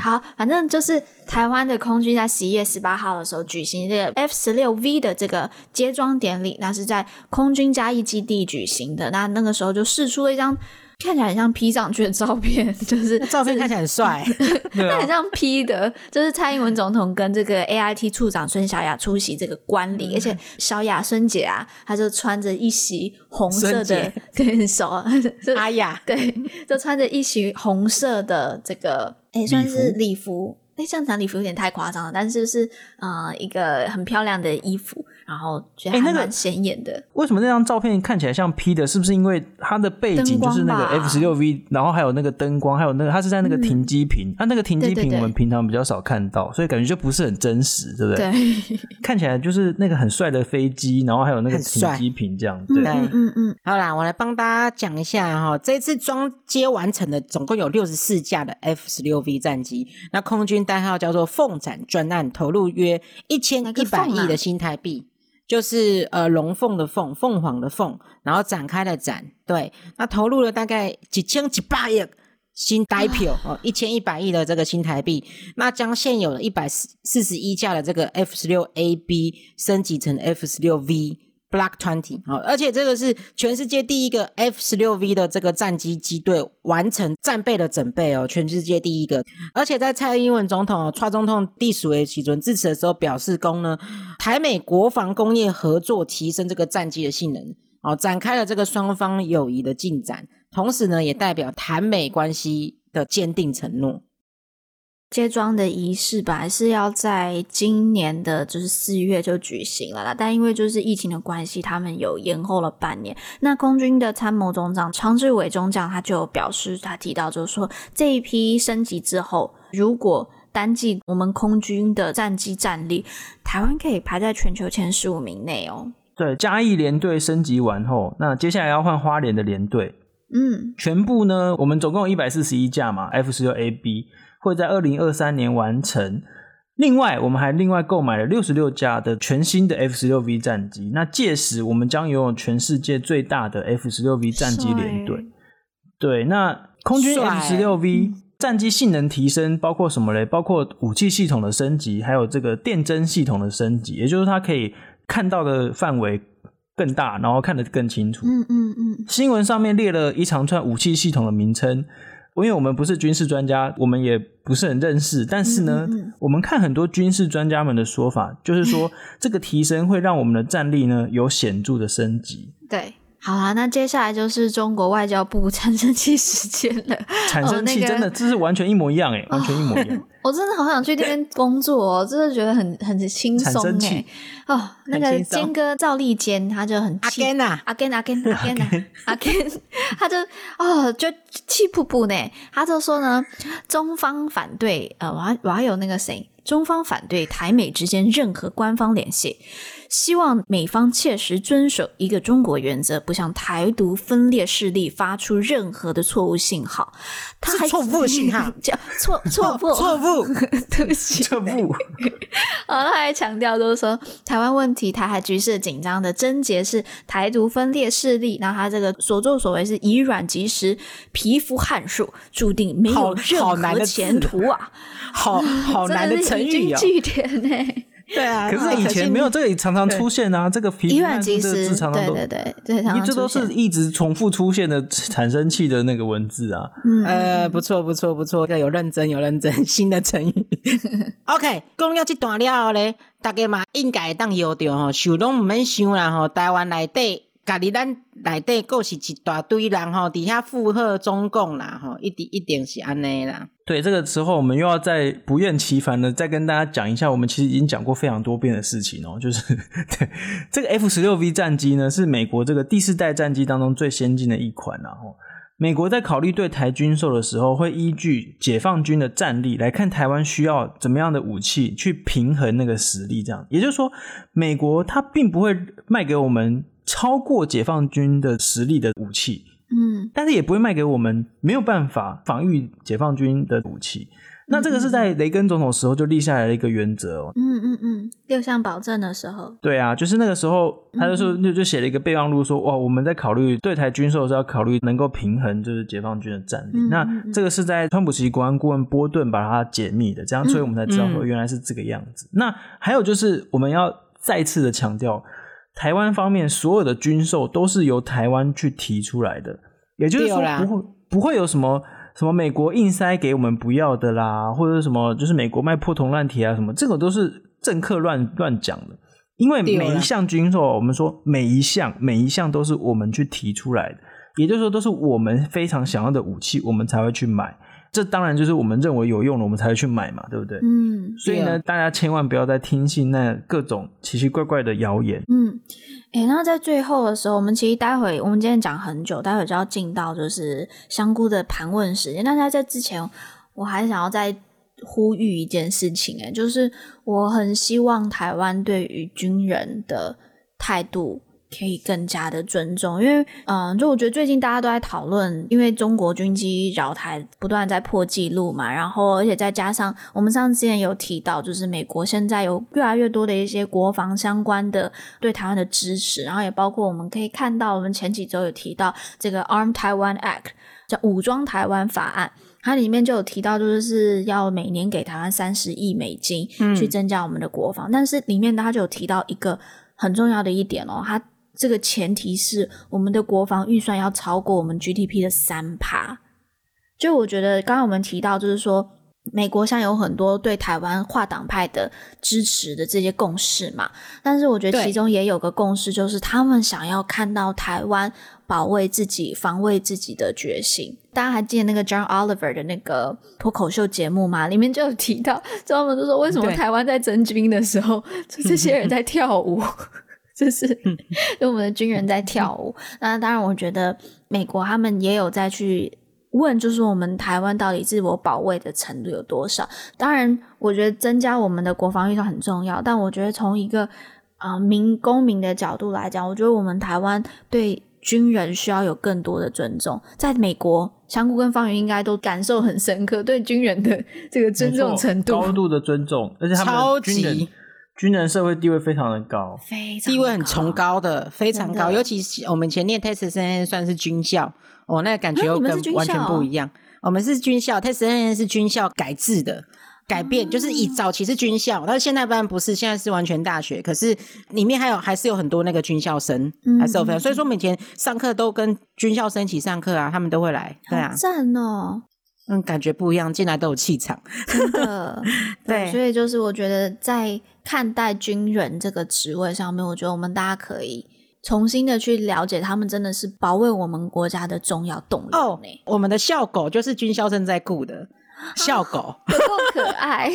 C: 好，反正就是台灣的空軍在十一月十八號的時候舉行這個 F 十六 V 的這個接裝典禮，那是在空軍嘉義基地舉行的。那那個時候就釋出了一張。看起來很像 P 上去的照片，就是照片看起來很帥、欸，那、 哦、很像 P 的，就是蔡英文總統跟這個 A I T 處長孫曉雅出席這個觀禮，嗯、而且曉雅孫姐啊，她就穿着一襲紅色的，跟什熟，阿雅對、啊、呀對，就穿着一襲紅色的這個，哎，算是禮服，哎、欸，這樣講禮服有點太誇張了，但是、就是呃一個很漂亮的衣服。然後，覺得還很顯眼的、欸
B: 那個，為什麼那張照片看起來像 P 的？是不是因為它的背景就是那個 F 十六 V，然後還有那個燈光，還有那個它是在那個停機坪，它、嗯啊、那個停機坪我們平常比較少看到，對對對，所以感覺就不是很真實，對不對？對，看起來就是那個很帥的飛機，然後還有那個停機坪這樣子。帥對。嗯嗯，嗯
A: 嗯嗯好啦，我來幫大家講一下哈、哦，這次裝接完成的總共有六十四架的 F 十六 V 戰機，那空軍代號叫做“鳳展專案”，投入約一千一百億的新台幣。就是呃，龍鳳的鳳，鳳凰的鳳，然後展開的展，對，那投入了大概幾千幾百億新台幣哦，一千一百、啊哦、億的這個新台幣，那將現有的一百四四十一架的這個 F 十六 AB 升級成 F 十六 V。Block Twenty 啊、哦，而且這個是全世界第一個 F 十六 V 的這個戰機機隊完成戰備的整備哦，全世界第一個。而且在蔡英文總統啊，蔡、哦、總統第十五次致詞的時候表示呢，公呢台美國防工業合作提升這個戰機的性能，哦，展開了這個雙方友誼的進展，同時呢也代表台美關係的堅定承諾。接裝的儀式
C: 本來是要在
A: 今年的，就是四月就
C: 舉行了，啦。但因為就是疫情的關係，他們有延後了半年。那空軍的參謀總長常志偉中將，他就表示，他提到就是說，這一批升級之後，如果單計我們空軍的戰機戰力，台灣可以排在全球前十五名內哦。
B: 對，嘉義聯隊升級完後，那接下來要換花蓮的聯隊。
C: 嗯，
B: 全部呢，我們總共有一百四十一架嘛，F 十六 A B。會在二零二三年完成。另外，我們還另外購買了六十六架的全新的 F 十六 V 戰機。那屆時我們將擁有全世界最大的 F 十六 V 戰機聯隊。欸、對，那空軍 F 十六 V 戰機性能提升包括什麼嘞？嗯、包括武器系統的升級，還有這個電偵系統的升級，也就是它可以看到的範圍更大，然後看得更清楚。嗯嗯嗯。嗯嗯，新聞上面列了一長串武器系統的名稱。因為我們不是軍事專家，我們也不是很認識，但是呢，嗯嗯嗯我們看很多軍事專家們的說法，就是說這個提升會讓我們的戰力呢有顯著的升級。
C: 對。好啊，那接下來就是中國外交部生生產生氣時間了。產生氣真的，這
B: 是完全一模一樣誒，完
A: 全一模一樣。
C: 哦、我真的好想去那邊工作哦，哦真的覺得很很輕鬆誒哦，那個堅哥趙立堅他就很氣阿堅吶、啊啊，阿堅、啊、阿堅啊天吶阿堅，他就哦就氣噗噗呢，他就說呢，中方反對呃，我還我還有那個誰，中方反對台美之間任何官方聯繫。希望美方切實遵守一個中國原則，不向台獨分裂勢力發出任何的錯誤信號。他還錯誤信號叫錯、錯誤、錯誤，哦、錯誤 對不起錯誤。 好了，他還強調都說台灣問題、台海局勢緊張的症結是台獨分裂勢力。那他這個所作所為是以卵擊石、蚍蜉撼樹，注定沒有任何前途啊！好好難的成語啊！ 真的引經據典呢。對啊，可是以前沒有這裡常常出
B: 現啊，好對這個頻繁的字常常都，你對對對這常常一直都是一直重複出現的產生器的那個文字啊。嗯、呃，不
A: 錯不錯不錯，要有認真有認真，新的成語。 OK，講了這段了呢，大家嘛應該當要着吼，想都不用想都唔免想啦吼，台灣來對。咖哩，咱內底夠是一大堆人吼，底下附和中共啦吼，一定一定是安尼啦。
B: 對，這個時候我們又要再不厭其煩的再跟大家講一下，我們其實已經講過非常多遍的事情哦，就是對這個 F 十六 V 戰機呢，是美國這個第四代戰機當中最先進的一款啊、吼，然後，美國在考慮對台軍售的時候，會依據解放軍的戰力來看台灣需要怎麼樣的武器去平衡那個實力，這樣，也就是說，美國它並不會賣給我們超過解放軍的實力的武器，嗯，但是也不會賣給我們，沒有辦法防禦解放軍的武器。嗯、那這個是在雷根總統的時候就立下來的一個原則、哦嗯。嗯
C: 嗯嗯，六項保證的時候，
B: 對啊，就是那個時候他就說、嗯、就就寫了一個備忘錄，說哇，我們在考慮對台軍售的時候，要考慮能夠平衡就是解放軍的戰力。嗯、那這個是在川普其國安顧問波頓把它解密的，這樣，所以我們才知道說原來是這個樣子。嗯嗯、那還有就是我們要再次的強調。台灣方面所有的軍售都是由台灣去提出來的，也就是說不會了不會有什麼什麼美國硬塞給我們不要的啦，或者是什麼就是美國賣破銅爛鐵啊什麼，這個都是政客亂亂講的。因為每一項軍售，了我們說每一項每一項都是我們去提出來的，也就是說都是我們非常想要的武器，我們才會去買。這當然就是我們認為有用了，我們才會去買嘛，對不對？嗯，
C: 所以呢，哦、大
B: 家千萬不要再聽信那各種奇奇怪怪的謠言。
C: 嗯，哎、欸，那在最後的時候，我們其實待會我們今天講很久，待會就要進到就是香菇的盤問時間。但是，在之前我，我還想要再呼籲一件事情，欸，哎，就是我很希望台灣對於軍人的態度。可以更加的尊重，因為，嗯，就我覺得最近大家都在討論，因為中國軍機繞台不斷在破紀錄嘛，然後，而且再加上我們上次也有提到，就是美國現在有越來越多的一些國防相關的對台灣的支持，然後也包括我們可以看到，我們前幾週有提到這個 Arm Taiwan Act 叫武裝台灣法案，它裡面就有提到，就是要每年給台灣三十億美金去增加我們的國防，嗯。但是裡面它就有提到一個很重要的一點哦，它。這個前提是我們的國防預算要超過我們 GDP 的三趴，就我覺得剛剛我們提到，就是說美國像有很多對臺灣跨黨派的支持的這些共識嘛，但是我覺得其中也有個共識，就是他們想要看到臺灣保衛自己、防衛自己的決心。大家還記得那個 John Oliver 的那個脫口秀節目嗎？裡面就有提到，專門就說為什麼臺灣在徵兵的時候，對這些人在跳舞。 就是，因為我們的軍人在跳舞。 那當然，我覺得美國他們也有在去問，就是我們台灣到底自我保衛的程度有多少？當然，我覺得增加我們的國防預算很重要。但我覺得從一個啊、呃、民公民的角度來講，我覺得我們台灣對軍人需要有更多的尊重。在美國，香菇跟方云應該都感受很深刻，對軍人的這個
B: 尊重程度、高度的尊重，而且他們軍人。軍人社會地位非常的
A: 高，非常地位很崇高的，的非常高。尤其是我們以前念 Texas A&M 算是軍校哦，那個、感覺又跟完全不一樣。欸、們我們是軍校，Texas A&M 是軍校改制的，改變、嗯、就是以早期是軍校，但是現在當然不是，現在是完全大學。可是裡面還有還是有很多那個軍校生，嗯、哼還是有分。所以說每天上課都跟軍校生一起上課啊，他們都會來，對啊，讚哦、喔。嗯，感覺不一樣，進來都有氣場，
C: 真的，對，所以就是我覺得在看待軍人這個職位上面，我覺得我們大家可以重新的去了解，他們真的是保衛我們國家
A: 的重要動力。哦，我們的校狗就是軍校生在顧的、哦、校狗，可不可愛？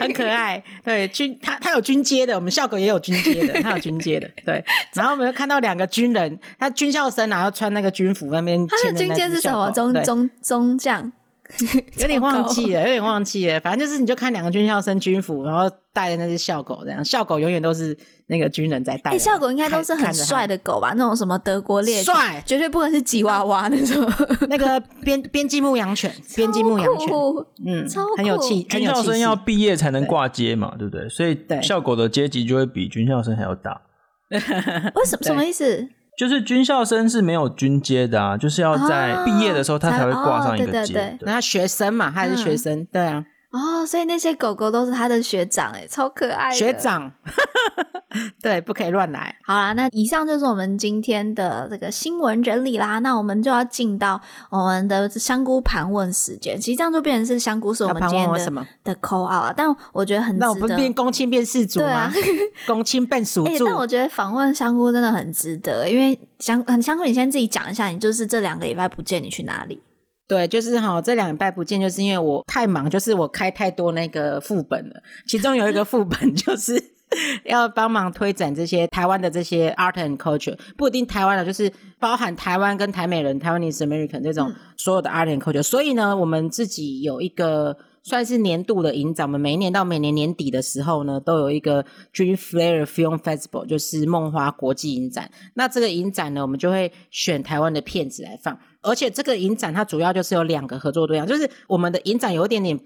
A: 很可愛。對，軍他他有軍階的，我們校狗也有軍階的，他有軍階的。對，然後我們又看到兩個軍人，他軍校生然後穿那個軍服那邊，他的軍階是什麼？中中
C: 中將。有點忘記了，有
A: 點忘記了。反正就是，你就看兩個軍校生軍服，然後帶的那隻校狗，這樣校狗永遠都是那個軍人在帶。校狗
C: 應該都是很帥的狗吧？那種什麼德國獵犬，帥！絕對不能是吉娃
A: 娃那種。那個邊邊境牧羊犬，邊境牧羊犬，嗯，很有氣。軍校生要
B: 畢業才能掛階嘛，對不對？所以校狗的階級就會比軍校生還要大。
A: 為什麼？什麼意思？
B: 就是軍校生是沒有軍階的啊，就是要在畢業的時候他才會掛上一個階。
A: 那他學生嘛，他還是學生，嗯、對啊。
C: 所以那些狗狗都是他的學長哎、欸，超可愛的學長， 對，不可以亂來。好啦，那以上就是我們今天的這個新聞整理啦。那我們就要進到我們的香菇盤問時間。其實這樣就變成是香菇是我們今天的什麼的 call out 了，但我覺得很值得，那我們變公親變事主嗎？
A: 公親對、啊、 變事主、欸。但我
C: 覺得訪問香菇真的很值得，因為香很香菇，你先自己講一下，你就是這
A: 兩個禮拜不見你去哪裡。對，就是哈，這兩拜不見，就是因為我太忙，就是我開太多那個副本了。其中有一個副本就是 要幫忙推展這些台灣的這些 art and culture，不一定台灣的，就是包含台灣跟台美人，台灣 is American 這種所有的 art and culture、嗯。所以呢，我們自己有一個算是年度的影展，我們每一年到每年年底的時候呢，都有一個 Dream Flare Film Festival，就是夢花國際影展。那這個影展呢，我們就會選台灣的片子來放。而且這個影展它主要就是有兩個合作對象，就是我們的影展有一點點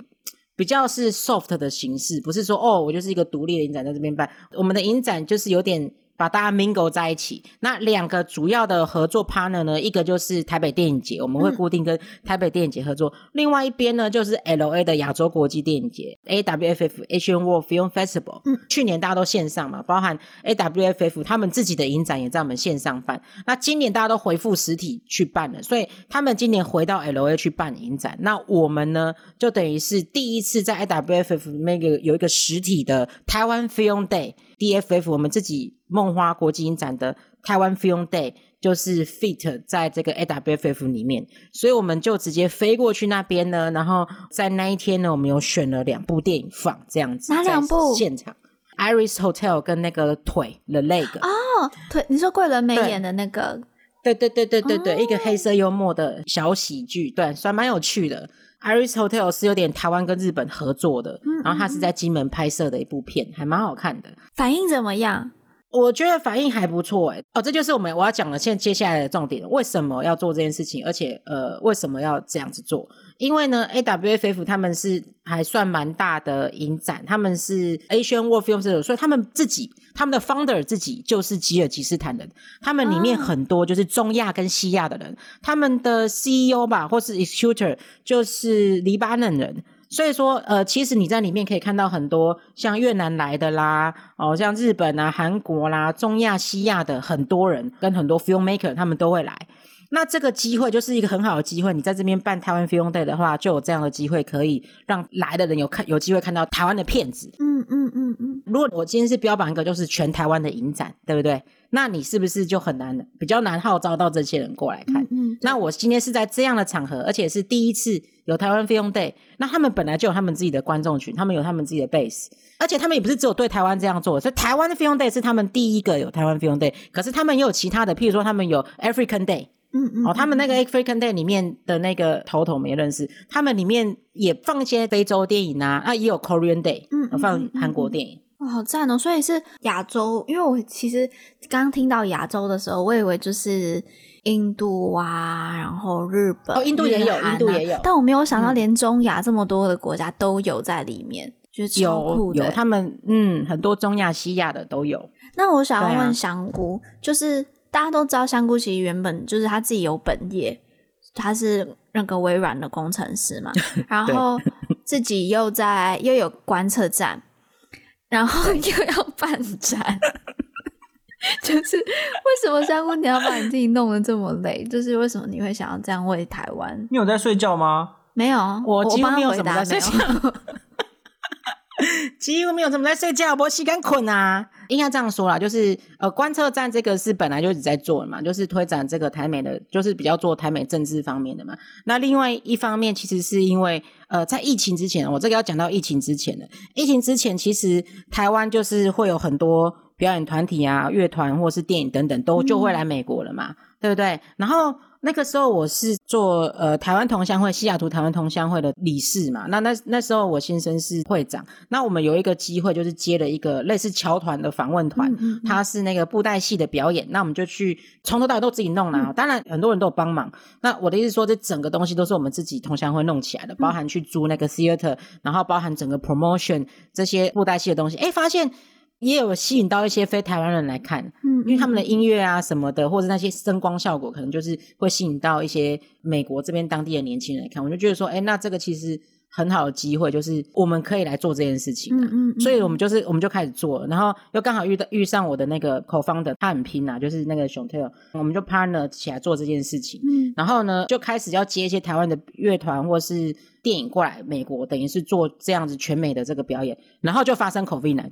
A: 比較是 soft 的形式，不是說哦，我就是一個獨立的影展在這邊辦，我們的影展就是有點。把大家 mingle 在一起。那兩個主要的合作 partner 呢，一個就是台北電影節，我們會固定跟台北電影節合作。嗯、另外一邊呢，就是 LA 的亞洲國際電影節 （AWFF Asian World Film Festival）、嗯。去年大家都線上嘛，包含 AWFF 他們自己的影展也在我們線上辦。那今年大家都回復實體去辦了，所以他們今年回到 LA 去辦影展。那我們呢，就等於是第一次在 AWFF 那個有一個實體的台灣 Film Day。DFF，我們自己夢花國際影展的台灣 Film Day 就是 fit 在這個 AWFF 裡面，所以我們就直接飛過去那邊呢。然後在那一天呢，我們有選了兩部電影放，這樣子。哪兩部？現場《Iris Hotel》跟那個《腿》《The Leg》。哦，腿！你說桂綸鎂演的那個？對對對對對對，oh. 一個黑色幽默的小喜劇，對，算蠻有趣的。Iris Hotel 是有點台灣跟日本合作的。嗯嗯嗯，然後它是在金門拍攝的一部片，還蠻好看的。反應怎麼樣？我覺得反應還不錯誒、欸、哦，這就是我們我要講的，現在接下來的重點，為什麼要做這件事情，而且呃，為什麼要這樣子做？因為呢，AWFF 他們是還算蠻大的影展，他們是 Asian World Films，所以他們自己，他們的 founder 自己就是吉爾吉斯斯坦人，他們裡面很多就是中亞跟西亞的人，他們的 CEO 吧或是 executor 就是黎巴嫩人。所以說，呃，其實你在裡面可以看到很多像越南來的啦，哦，像日本啊、韓國啦、中亞、西亞的很多人，跟很多 filmmaker 他們都會來。那這個機會就是一個很好的機會，你在這邊辦台灣 Film Day 的話，就有這樣的機會可以讓來的人有看，有機會看到台灣的片子。嗯嗯嗯嗯。嗯嗯，如果我今天是標榜一個，就是全台灣的影展，對不對？那你是不是就很難比較難號召到這些人過來看？嗯。嗯那我今天是在這樣的場合，而且是第一次有台灣 Film Day，那他們本來就有他們自己的觀眾群，他們有他們自己的 base，而且他們也不是只有對台灣這樣做，所以台灣的 Film Day 是他們第一個有台灣 Film Day，可是他們也有其他的，譬如說他們有 African Day。嗯嗯，嗯哦，嗯、他們那個 African Day 裡面的那個頭頭，我們也認識。他們裡面也放一些非洲電影啊，啊，也有 Korean Day，嗯，放韓國電影。嗯
C: 嗯嗯嗯、哦，好讚哦！所以是亞洲，因為我其實剛聽到亞洲的時候，我以為就是印度啊，然後日本，哦，印度也有，印度也有，啊、也有但我沒有想到連中亞這麼多的國家都有在裡面，嗯、就是、欸、有，有，他們嗯，很多中亞西亞的都有。那我想要問香菇，啊、就是。大家都知道，香菇其實原本就是他自己有本業，他是那個微軟的工程師嘛，然後自己又在又有觀測站，然後又要辦展， 就是為什麼香菇你要把你自己弄得這麼累？就是為什麼你會
A: 想要這樣為台灣？
B: 你有在睡覺嗎？
A: 沒有，我幾乎沒有，回答幾乎沒有在睡覺，幾乎沒,有 沒有怎麼在睡覺，我時間睡覺啊。應該這樣說啦，就是呃，觀測站這個是本來就一直在做的嘛，就是推展這個台美的，就是比較做台美政治方面的嘛。那另外一方面，其實是因為呃，在疫情之前，我這個要講到疫情之前的疫情之前，其實台灣就是會有很多表演團體啊、樂團或是電影等等，都就會來美國了嘛，嗯、對不對？然後。那個時候我是做呃台灣同鄉會西雅圖台灣同鄉會的理事嘛，那那那時候我先生是會長，那我們有一個機會就是接了一個類似僑團的訪問團，他、嗯嗯嗯、是那個布袋戲的表演，那我們就去從頭到尾都自己弄啦、啊，嗯、當然很多人都有幫忙。那我的意思說，這整個東西都是我們自己同鄉會弄起來的，包含去租那個 theater，然後包含整個 promotion 這些布袋戲的東西，哎、欸，發現。也有吸引到一些非台灣人來看，嗯，嗯，嗯、因為他們的音樂啊什麼的，或者那些聲光效果，可能就是會吸引到一些美國這邊當地的年輕人來看。我就覺得說，哎、欸，那這個其實。很好的機會，就是我們可以來做這件事情的、啊，嗯嗯嗯、所以我們就是我們就開始做了，然後又剛好遇到遇上我的那個口方的，漢他很拼啊，就是那個熊特，我們就 partner 起來做這件事情，嗯、然後呢就開始要接一些台灣的樂團或是電影過來美國，等於是做這樣子全美的這個表演，然後就發生 COVID 發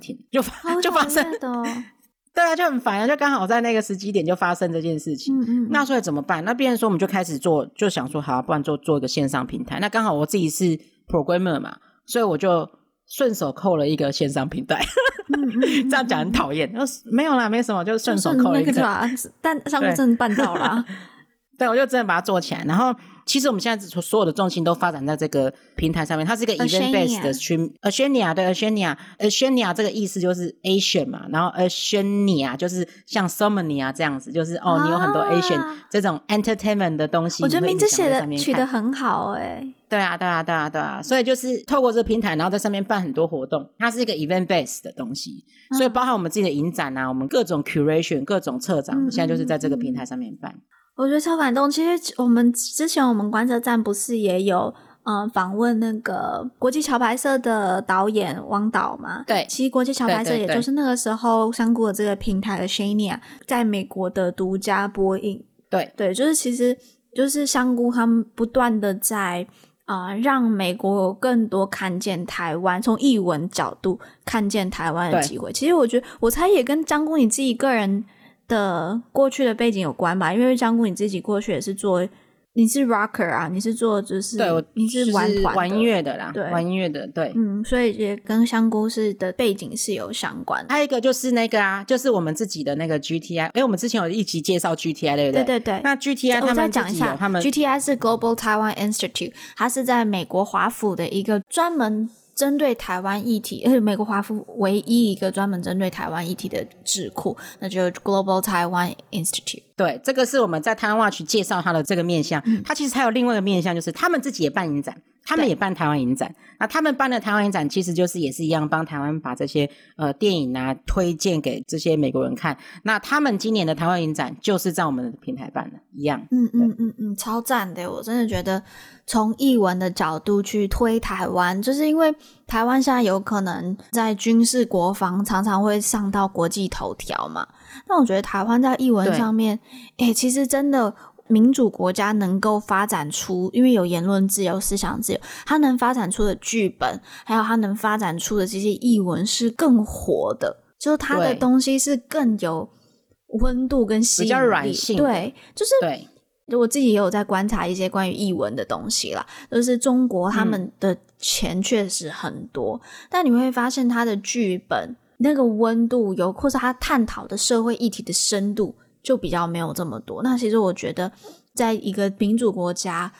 A: i
C: 就發生。
A: 對啊，就很煩啊，就剛好在那個時機點就發生這件事情，嗯、哼那所以怎麼辦？那變成說我們就開始做，就想說好，不然做做一個線上平台。那剛好我自己是 programmer 嘛，所以我就順手扣了一個線上平台。 嗯嗯嗯，這樣講很討厭，沒有啦，沒什麼，就順手扣了一個。個對
C: 但上面真的辦到了，
A: 對，我就真的把它做起來，然後。其實我們現在所有的重心都發展在這個平台上面，它是一個 event-based 的 stream。Ashenia，對 Ashenia，Ashenia 這個意思就是 Asian 嘛，然後 Ashenia 就是像 Somoni 啊這樣子，就是哦，你有很多 Asian 這種 entertainment 的東西。啊、我覺得名字寫的取得
C: 很好哎、欸
A: 啊啊。對啊，對啊，對啊，對啊，所以就是透過這個平台，然後在上面辦很多活動。它是一個 event-based 的東西，所以包含我們自己的影展啊，嗯、我們各種 curation，各種策展，嗯、現在就是在這個平台上面辦。嗯嗯
C: 我覺得超感動。其實我們之前我們觀測站不是也有嗯訪、呃、問那個國際橋牌社的導演汪導嗎？對，其實國際橋牌社也就是那個時候香菇的這個平台的 Shania 在美國的獨家播映。對對，就是其實就是香菇他們不斷的在啊、呃、讓美國更多看見台灣，從藝文角度看見台灣的機會。對其實我覺得，我猜也跟香菇你自己個人。的過去的背景有關吧，因為香菇你自己過去也是做，你是 rocker 啊，你是做就是對，你是玩玩音樂的啦，玩音樂的對，的對
A: 嗯，所以也跟香菇是的背景是有相關的。還有一個就是那個啊，就是我們自己的那個 GTI，哎、欸，我們之前有一集介紹 GTI 的對對，對對對。那 GTI 他們我再講一下，他們 GTI
C: 是 Global Taiwan Institute，它是在美國華府的一個專門。針對台灣議題，呃，美國華府唯一一個專門針對台灣議題的智庫，
A: 那就是 Global Taiwan Institute。對，這個是我們在台灣 Watch 介紹他的這個面向。他、嗯、其實還有另外一個面向，就是他們自己也辦影展。他們也辦台灣影展，對那他們辦的台灣影展其實就是也是一樣，幫台灣把這些呃電影啊推薦給這些美國人看。那他們今年的台灣影展就是在我們的平台辦的，一樣。
C: 嗯對嗯嗯嗯，超讚的！我真的覺得從藝文的角度去推台灣，就是因為台灣現在有可能在軍事國防常常，常會上到國際頭條嘛。那我覺得台灣在藝文上面，哎對、欸，其實真的。民主國家能夠發展出，因為有言論自由、思想自由，它能發展出的劇本，還有它能發展出的這些藝文是更活的，就是它的東西是更有溫度跟吸引力，對，比較軟性對，就是對我自己也有在觀察一些關於藝文的東西啦，就是中國他們的錢確實很多，嗯、但你會發現他的劇本那個溫度有，或者他探討的社會議題的深度。就比較沒有這麼多。那其實我覺得，在一個民主國家，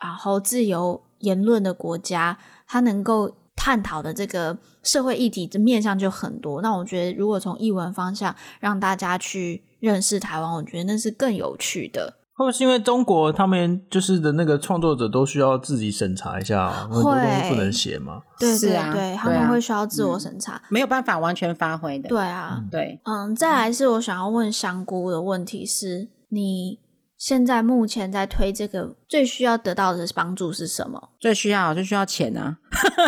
C: 然後自由言論的國家，他能夠探討的這個社會議題的面向就很多。那我覺得，如果從藝文方向讓大家去認識台灣，我覺得那是更有趣的。
B: 或是因為中國他們就是的那個創作者都需要自己審查一下、啊，會很多東西不能寫嘛。對，對對對，
C: 對啊、他們會需要自我審
A: 查、嗯，沒有辦法完全發揮的。對啊，
C: 對，嗯，再來是我想要問香菇的問題是、嗯、你現在目前在推這個最需要得到的幫助是什麼？
A: 最需要最需要錢啊！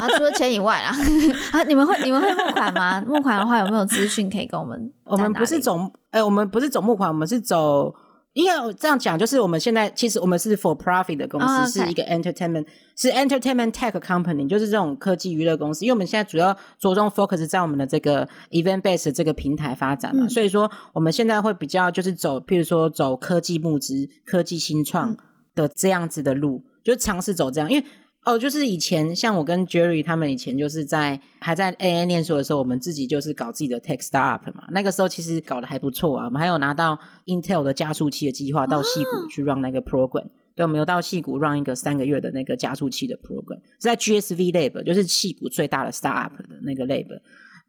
C: 啊，除了錢以外
A: 啊， 啊，你們會你們會募款嗎？募款的話有沒有資訊可以跟我們，我們、欸？我們不是走哎，我們不是走募款，我們是走。因為我這樣講，就是我們現在其實我們是 for profit 的公司，oh, okay. 是一個 entertainment，是 entertainment tech company，就是這種科技娛樂公司。因為我們現在主要着重 focus 在我們的這個 event base 這個平台發展嘛、啊，嗯、所以說我們現在會比較就是走，譬如說走科技募資、科技新創的這樣子的路，嗯、就嘗試走這樣，因為。哦，就是以前像我跟 Jerry 他們以前就是在還在、AI 念書的時候，我們自己就是搞自己的 Tech Start Up 嘛。那個時候其實搞得還不錯啊，我們還有拿到 Intel 的加速器的計劃到矽谷去 run 那個 program，、哦、對，我們有到矽谷 run 一個三個月的那個加速器的 program 是在 GSV Lab，就是矽谷最大的 Start Up 的那個 lab，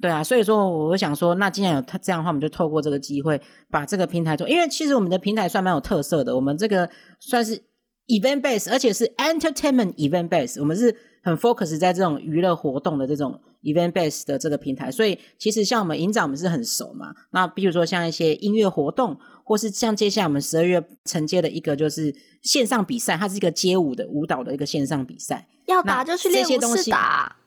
A: 對啊，所以說我會想說，那既然有他這樣的話，我們就透過這個機會把這個平台做，因為其實我們的平台算蠻有特色的，我們這個算是。Event base，而且是 entertainment event base，我們是很 focus 在這種娛樂活動的這種 event base 的這個平台，所以其實像我們影展我們是很熟嘛。那比如說像一些音樂活動，或是像接下來我們十二月承接的一個就是線上比賽，它是一個街舞的舞蹈的一個線上比賽，要打就去練舞室打。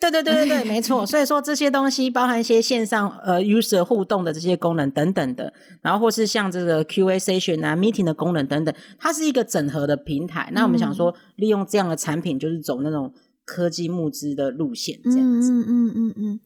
A: 對對對對對， 沒錯。所以說這些東西包含一些線上呃 user 互動的這些功能等等的，然後或是像這個 QA session 啊 meeting 的功能等等，它是一個整合的平台。那我們想說，利用這樣的產品，就是走那種科技募資的路線，
C: 這樣子。 嗯嗯嗯嗯，嗯，嗯。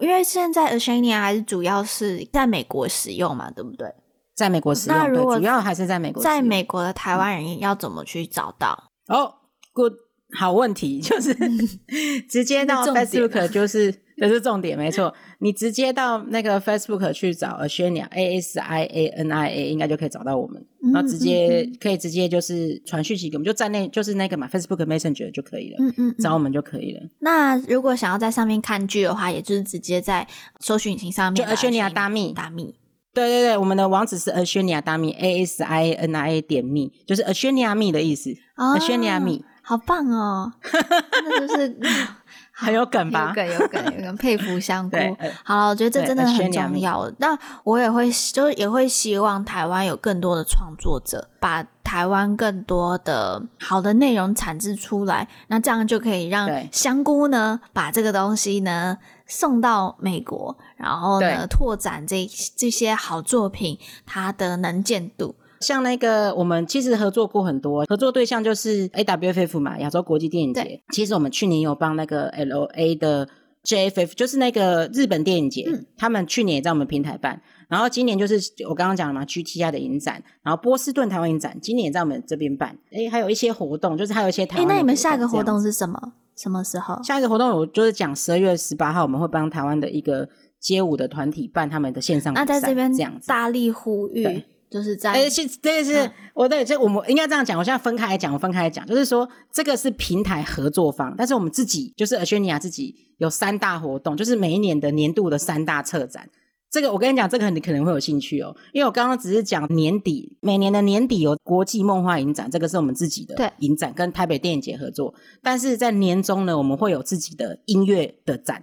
C: 因為現在 Asana 還是主要是在美國使用嘛，對不對？
A: 在美國使用，對，主要還是在美國。在
C: 美國的台灣人要怎麼去找到？
A: 哦、oh，good。好問題，就是 直接到 Facebook，就是這是重點 沒錯。你直接到那個 Facebook 去找 Asiania A S I A N I A，應該就可以找到我們。嗯嗯嗯，然後直接可以直接就是傳訊息給我們，就在那就是那個嘛 Facebook Messenger 就可以了。嗯嗯，嗯，找我們就可以了。
C: 那如果想要在上面看劇的話，也就是直接在搜尋引擎上面就 Asiania 大咪大咪、
A: 密。對對對，我們的網址是 Asiania 大咪 A S I A N I A 點咪，就是 Asiania 咪的意思。 oh， Asiania 咪。
C: 好棒哦，那 就是 好很有梗吧？有梗，有梗，有梗，有梗 佩服香菇。對好了，我覺得這真的很重要。那對我也會，就是也會希望台灣有更多的創作者，把台灣更多的好的內容產製出來。那這樣就可以讓香菇呢，對把這個東西呢送到美國，然後呢對拓展這這些
A: 好作品它的能見度。像那個，我們其實合作過很多合作對象，就是 A W F F 嘛，亞洲國際電影節。對其實我們去年有幫那個 L A 的 J F F，就是那個日本電影節，嗯、他們去年也在我們平台辦。然後今年就是我剛剛講的嘛，G T R 的影展，然後波士頓台灣影展，今年也在我們這邊辦。哎，還有一些活動，就是還有一些台灣台、哎。那你們下一個活動是
C: 什麼？什麼時候？
A: 下一個活動我就是講十二月十八號，我們會幫台灣的一個街舞的團體辦他們的線上。那在這邊這樣大力呼籲。就是在，哎，是，這個是，嗯、我對，就我們應該這樣講，我現在分開來講，我分開來講，就是說，這個是平台合作方，但是我們自己，就是爾萱尼亞自己有三大活動，就是每一年的年度的三大策展。這個我跟你講，這個你可能會有興趣哦，因為我剛剛只是講年底，每年的年底有國際夢花影展，這個是我們自己的影展，對跟台北電影節合作。但是在年中呢，我們會有自己的音樂的展。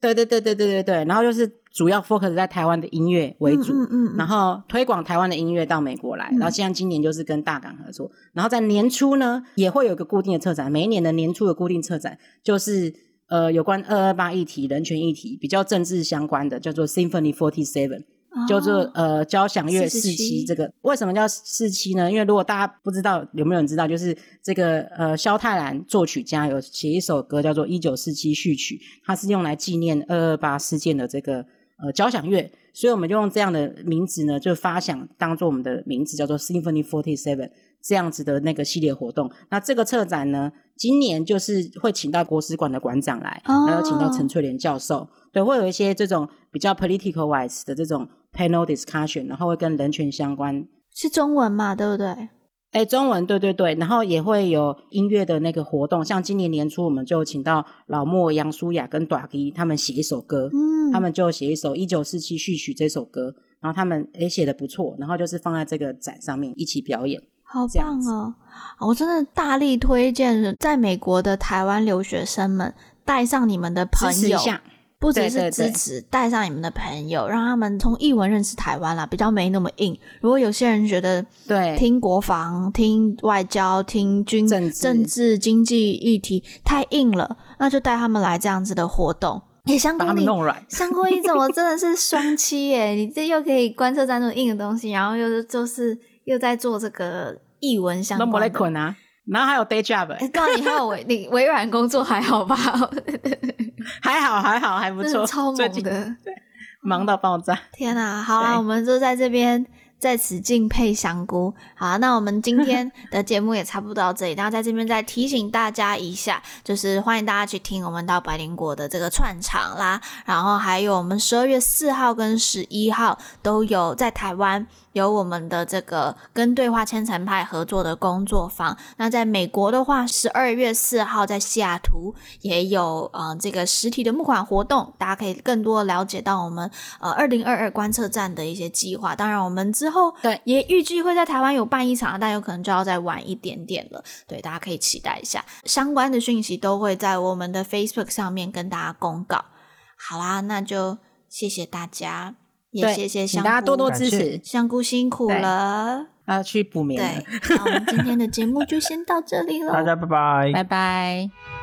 A: 對對對對對對對，然後就是主要 focus 在台灣的音樂為主，嗯嗯嗯、然後推廣台灣的音樂到美國來，嗯、然後現在今年就是跟大港合作，然後在年初呢也會有一個固定的策展，每一年的年初的固定策展就是呃有關二二八議題、人權議題比較政治相關的，叫做 Symphony Forty Seven。就做、oh, 呃，交響樂四七，這個七為什麼叫四七呢？因為如果大家不知道，有沒有人知道，就是這個呃，蕭泰然作曲家有寫一首歌叫做《一九四七序曲》，它是用來紀念二二八事件的這個呃交響樂，所以我們就用這樣的名字呢，就發想，當做我們的名字叫做《Symphony Forty Seven》這樣子的那個系列活動。那這個策展呢，今年就是會請到國史館的館長來，oh. 然後請到陳翠蓮教授，對，會有一些這種比較 political wise 的這種。Panel Discussion，然後會跟人權相關，
C: 是中文嘛？對不對？
A: 哎，中文，對對對。然後也會有音樂的那個活動，像今年年初我們就請到老莫、楊舒雅跟短皮他們寫一首歌，嗯，他們就寫一首《一九四七序曲》這首歌，然後他們也寫的不錯，然後就是放在這個展上面一起表演，
C: 好棒哦，
A: 哦！我真
C: 的大力推薦，在美國的台灣留學生們帶上你們的朋友。不只是支持，帶上你們的朋友，對對對，讓他們從藝文認識台灣啦，比較沒那麼硬。如果有些人覺得對聽國防、對聽外交、聽軍政治，政治經濟議題太硬了，那就帶他們來這樣子的活動。把他們弄軟，香菇你怎麼 真的是雙棲耶？你這又可以觀測這種硬的東西，然後又就是又在做這個藝文相關的啊
A: 然後還有 day job，告、欸、訴、欸、你，還
C: 有微 你微軟工作還好吧？ 還好，
A: 還好，還不錯，超猛的，忙到爆炸！
C: 天啊，好了，啊，對我們就在這邊在此敬佩香菇。好，啊，那我們今天的節目也差不多到這裡， 然後在這邊再提醒大家一下，就是歡迎大家去聽我們到百靈果的這個串場啦，然後還有我們十二月四號跟十一號都有在台灣。有我們的這個跟對話千層派合作的工作坊，那在美國的話，十二月四號在西雅圖也有呃這個實體的募款活動，大家可以更多了解到我們呃二零二二觀測站的一些計劃。當然，我們之後對也預計會在台灣有辦一場，但有可能就要再晚一點點了。對，大家可以期待一下，相關的訊息都會在我們的 Facebook 上面跟大家公告。好啦，那就謝謝大家。也謝謝香菇，大家多多支持，香菇辛苦了，那去補眠。對，那我們今天的節目就先到這裡了， 大家拜拜，拜
A: 拜。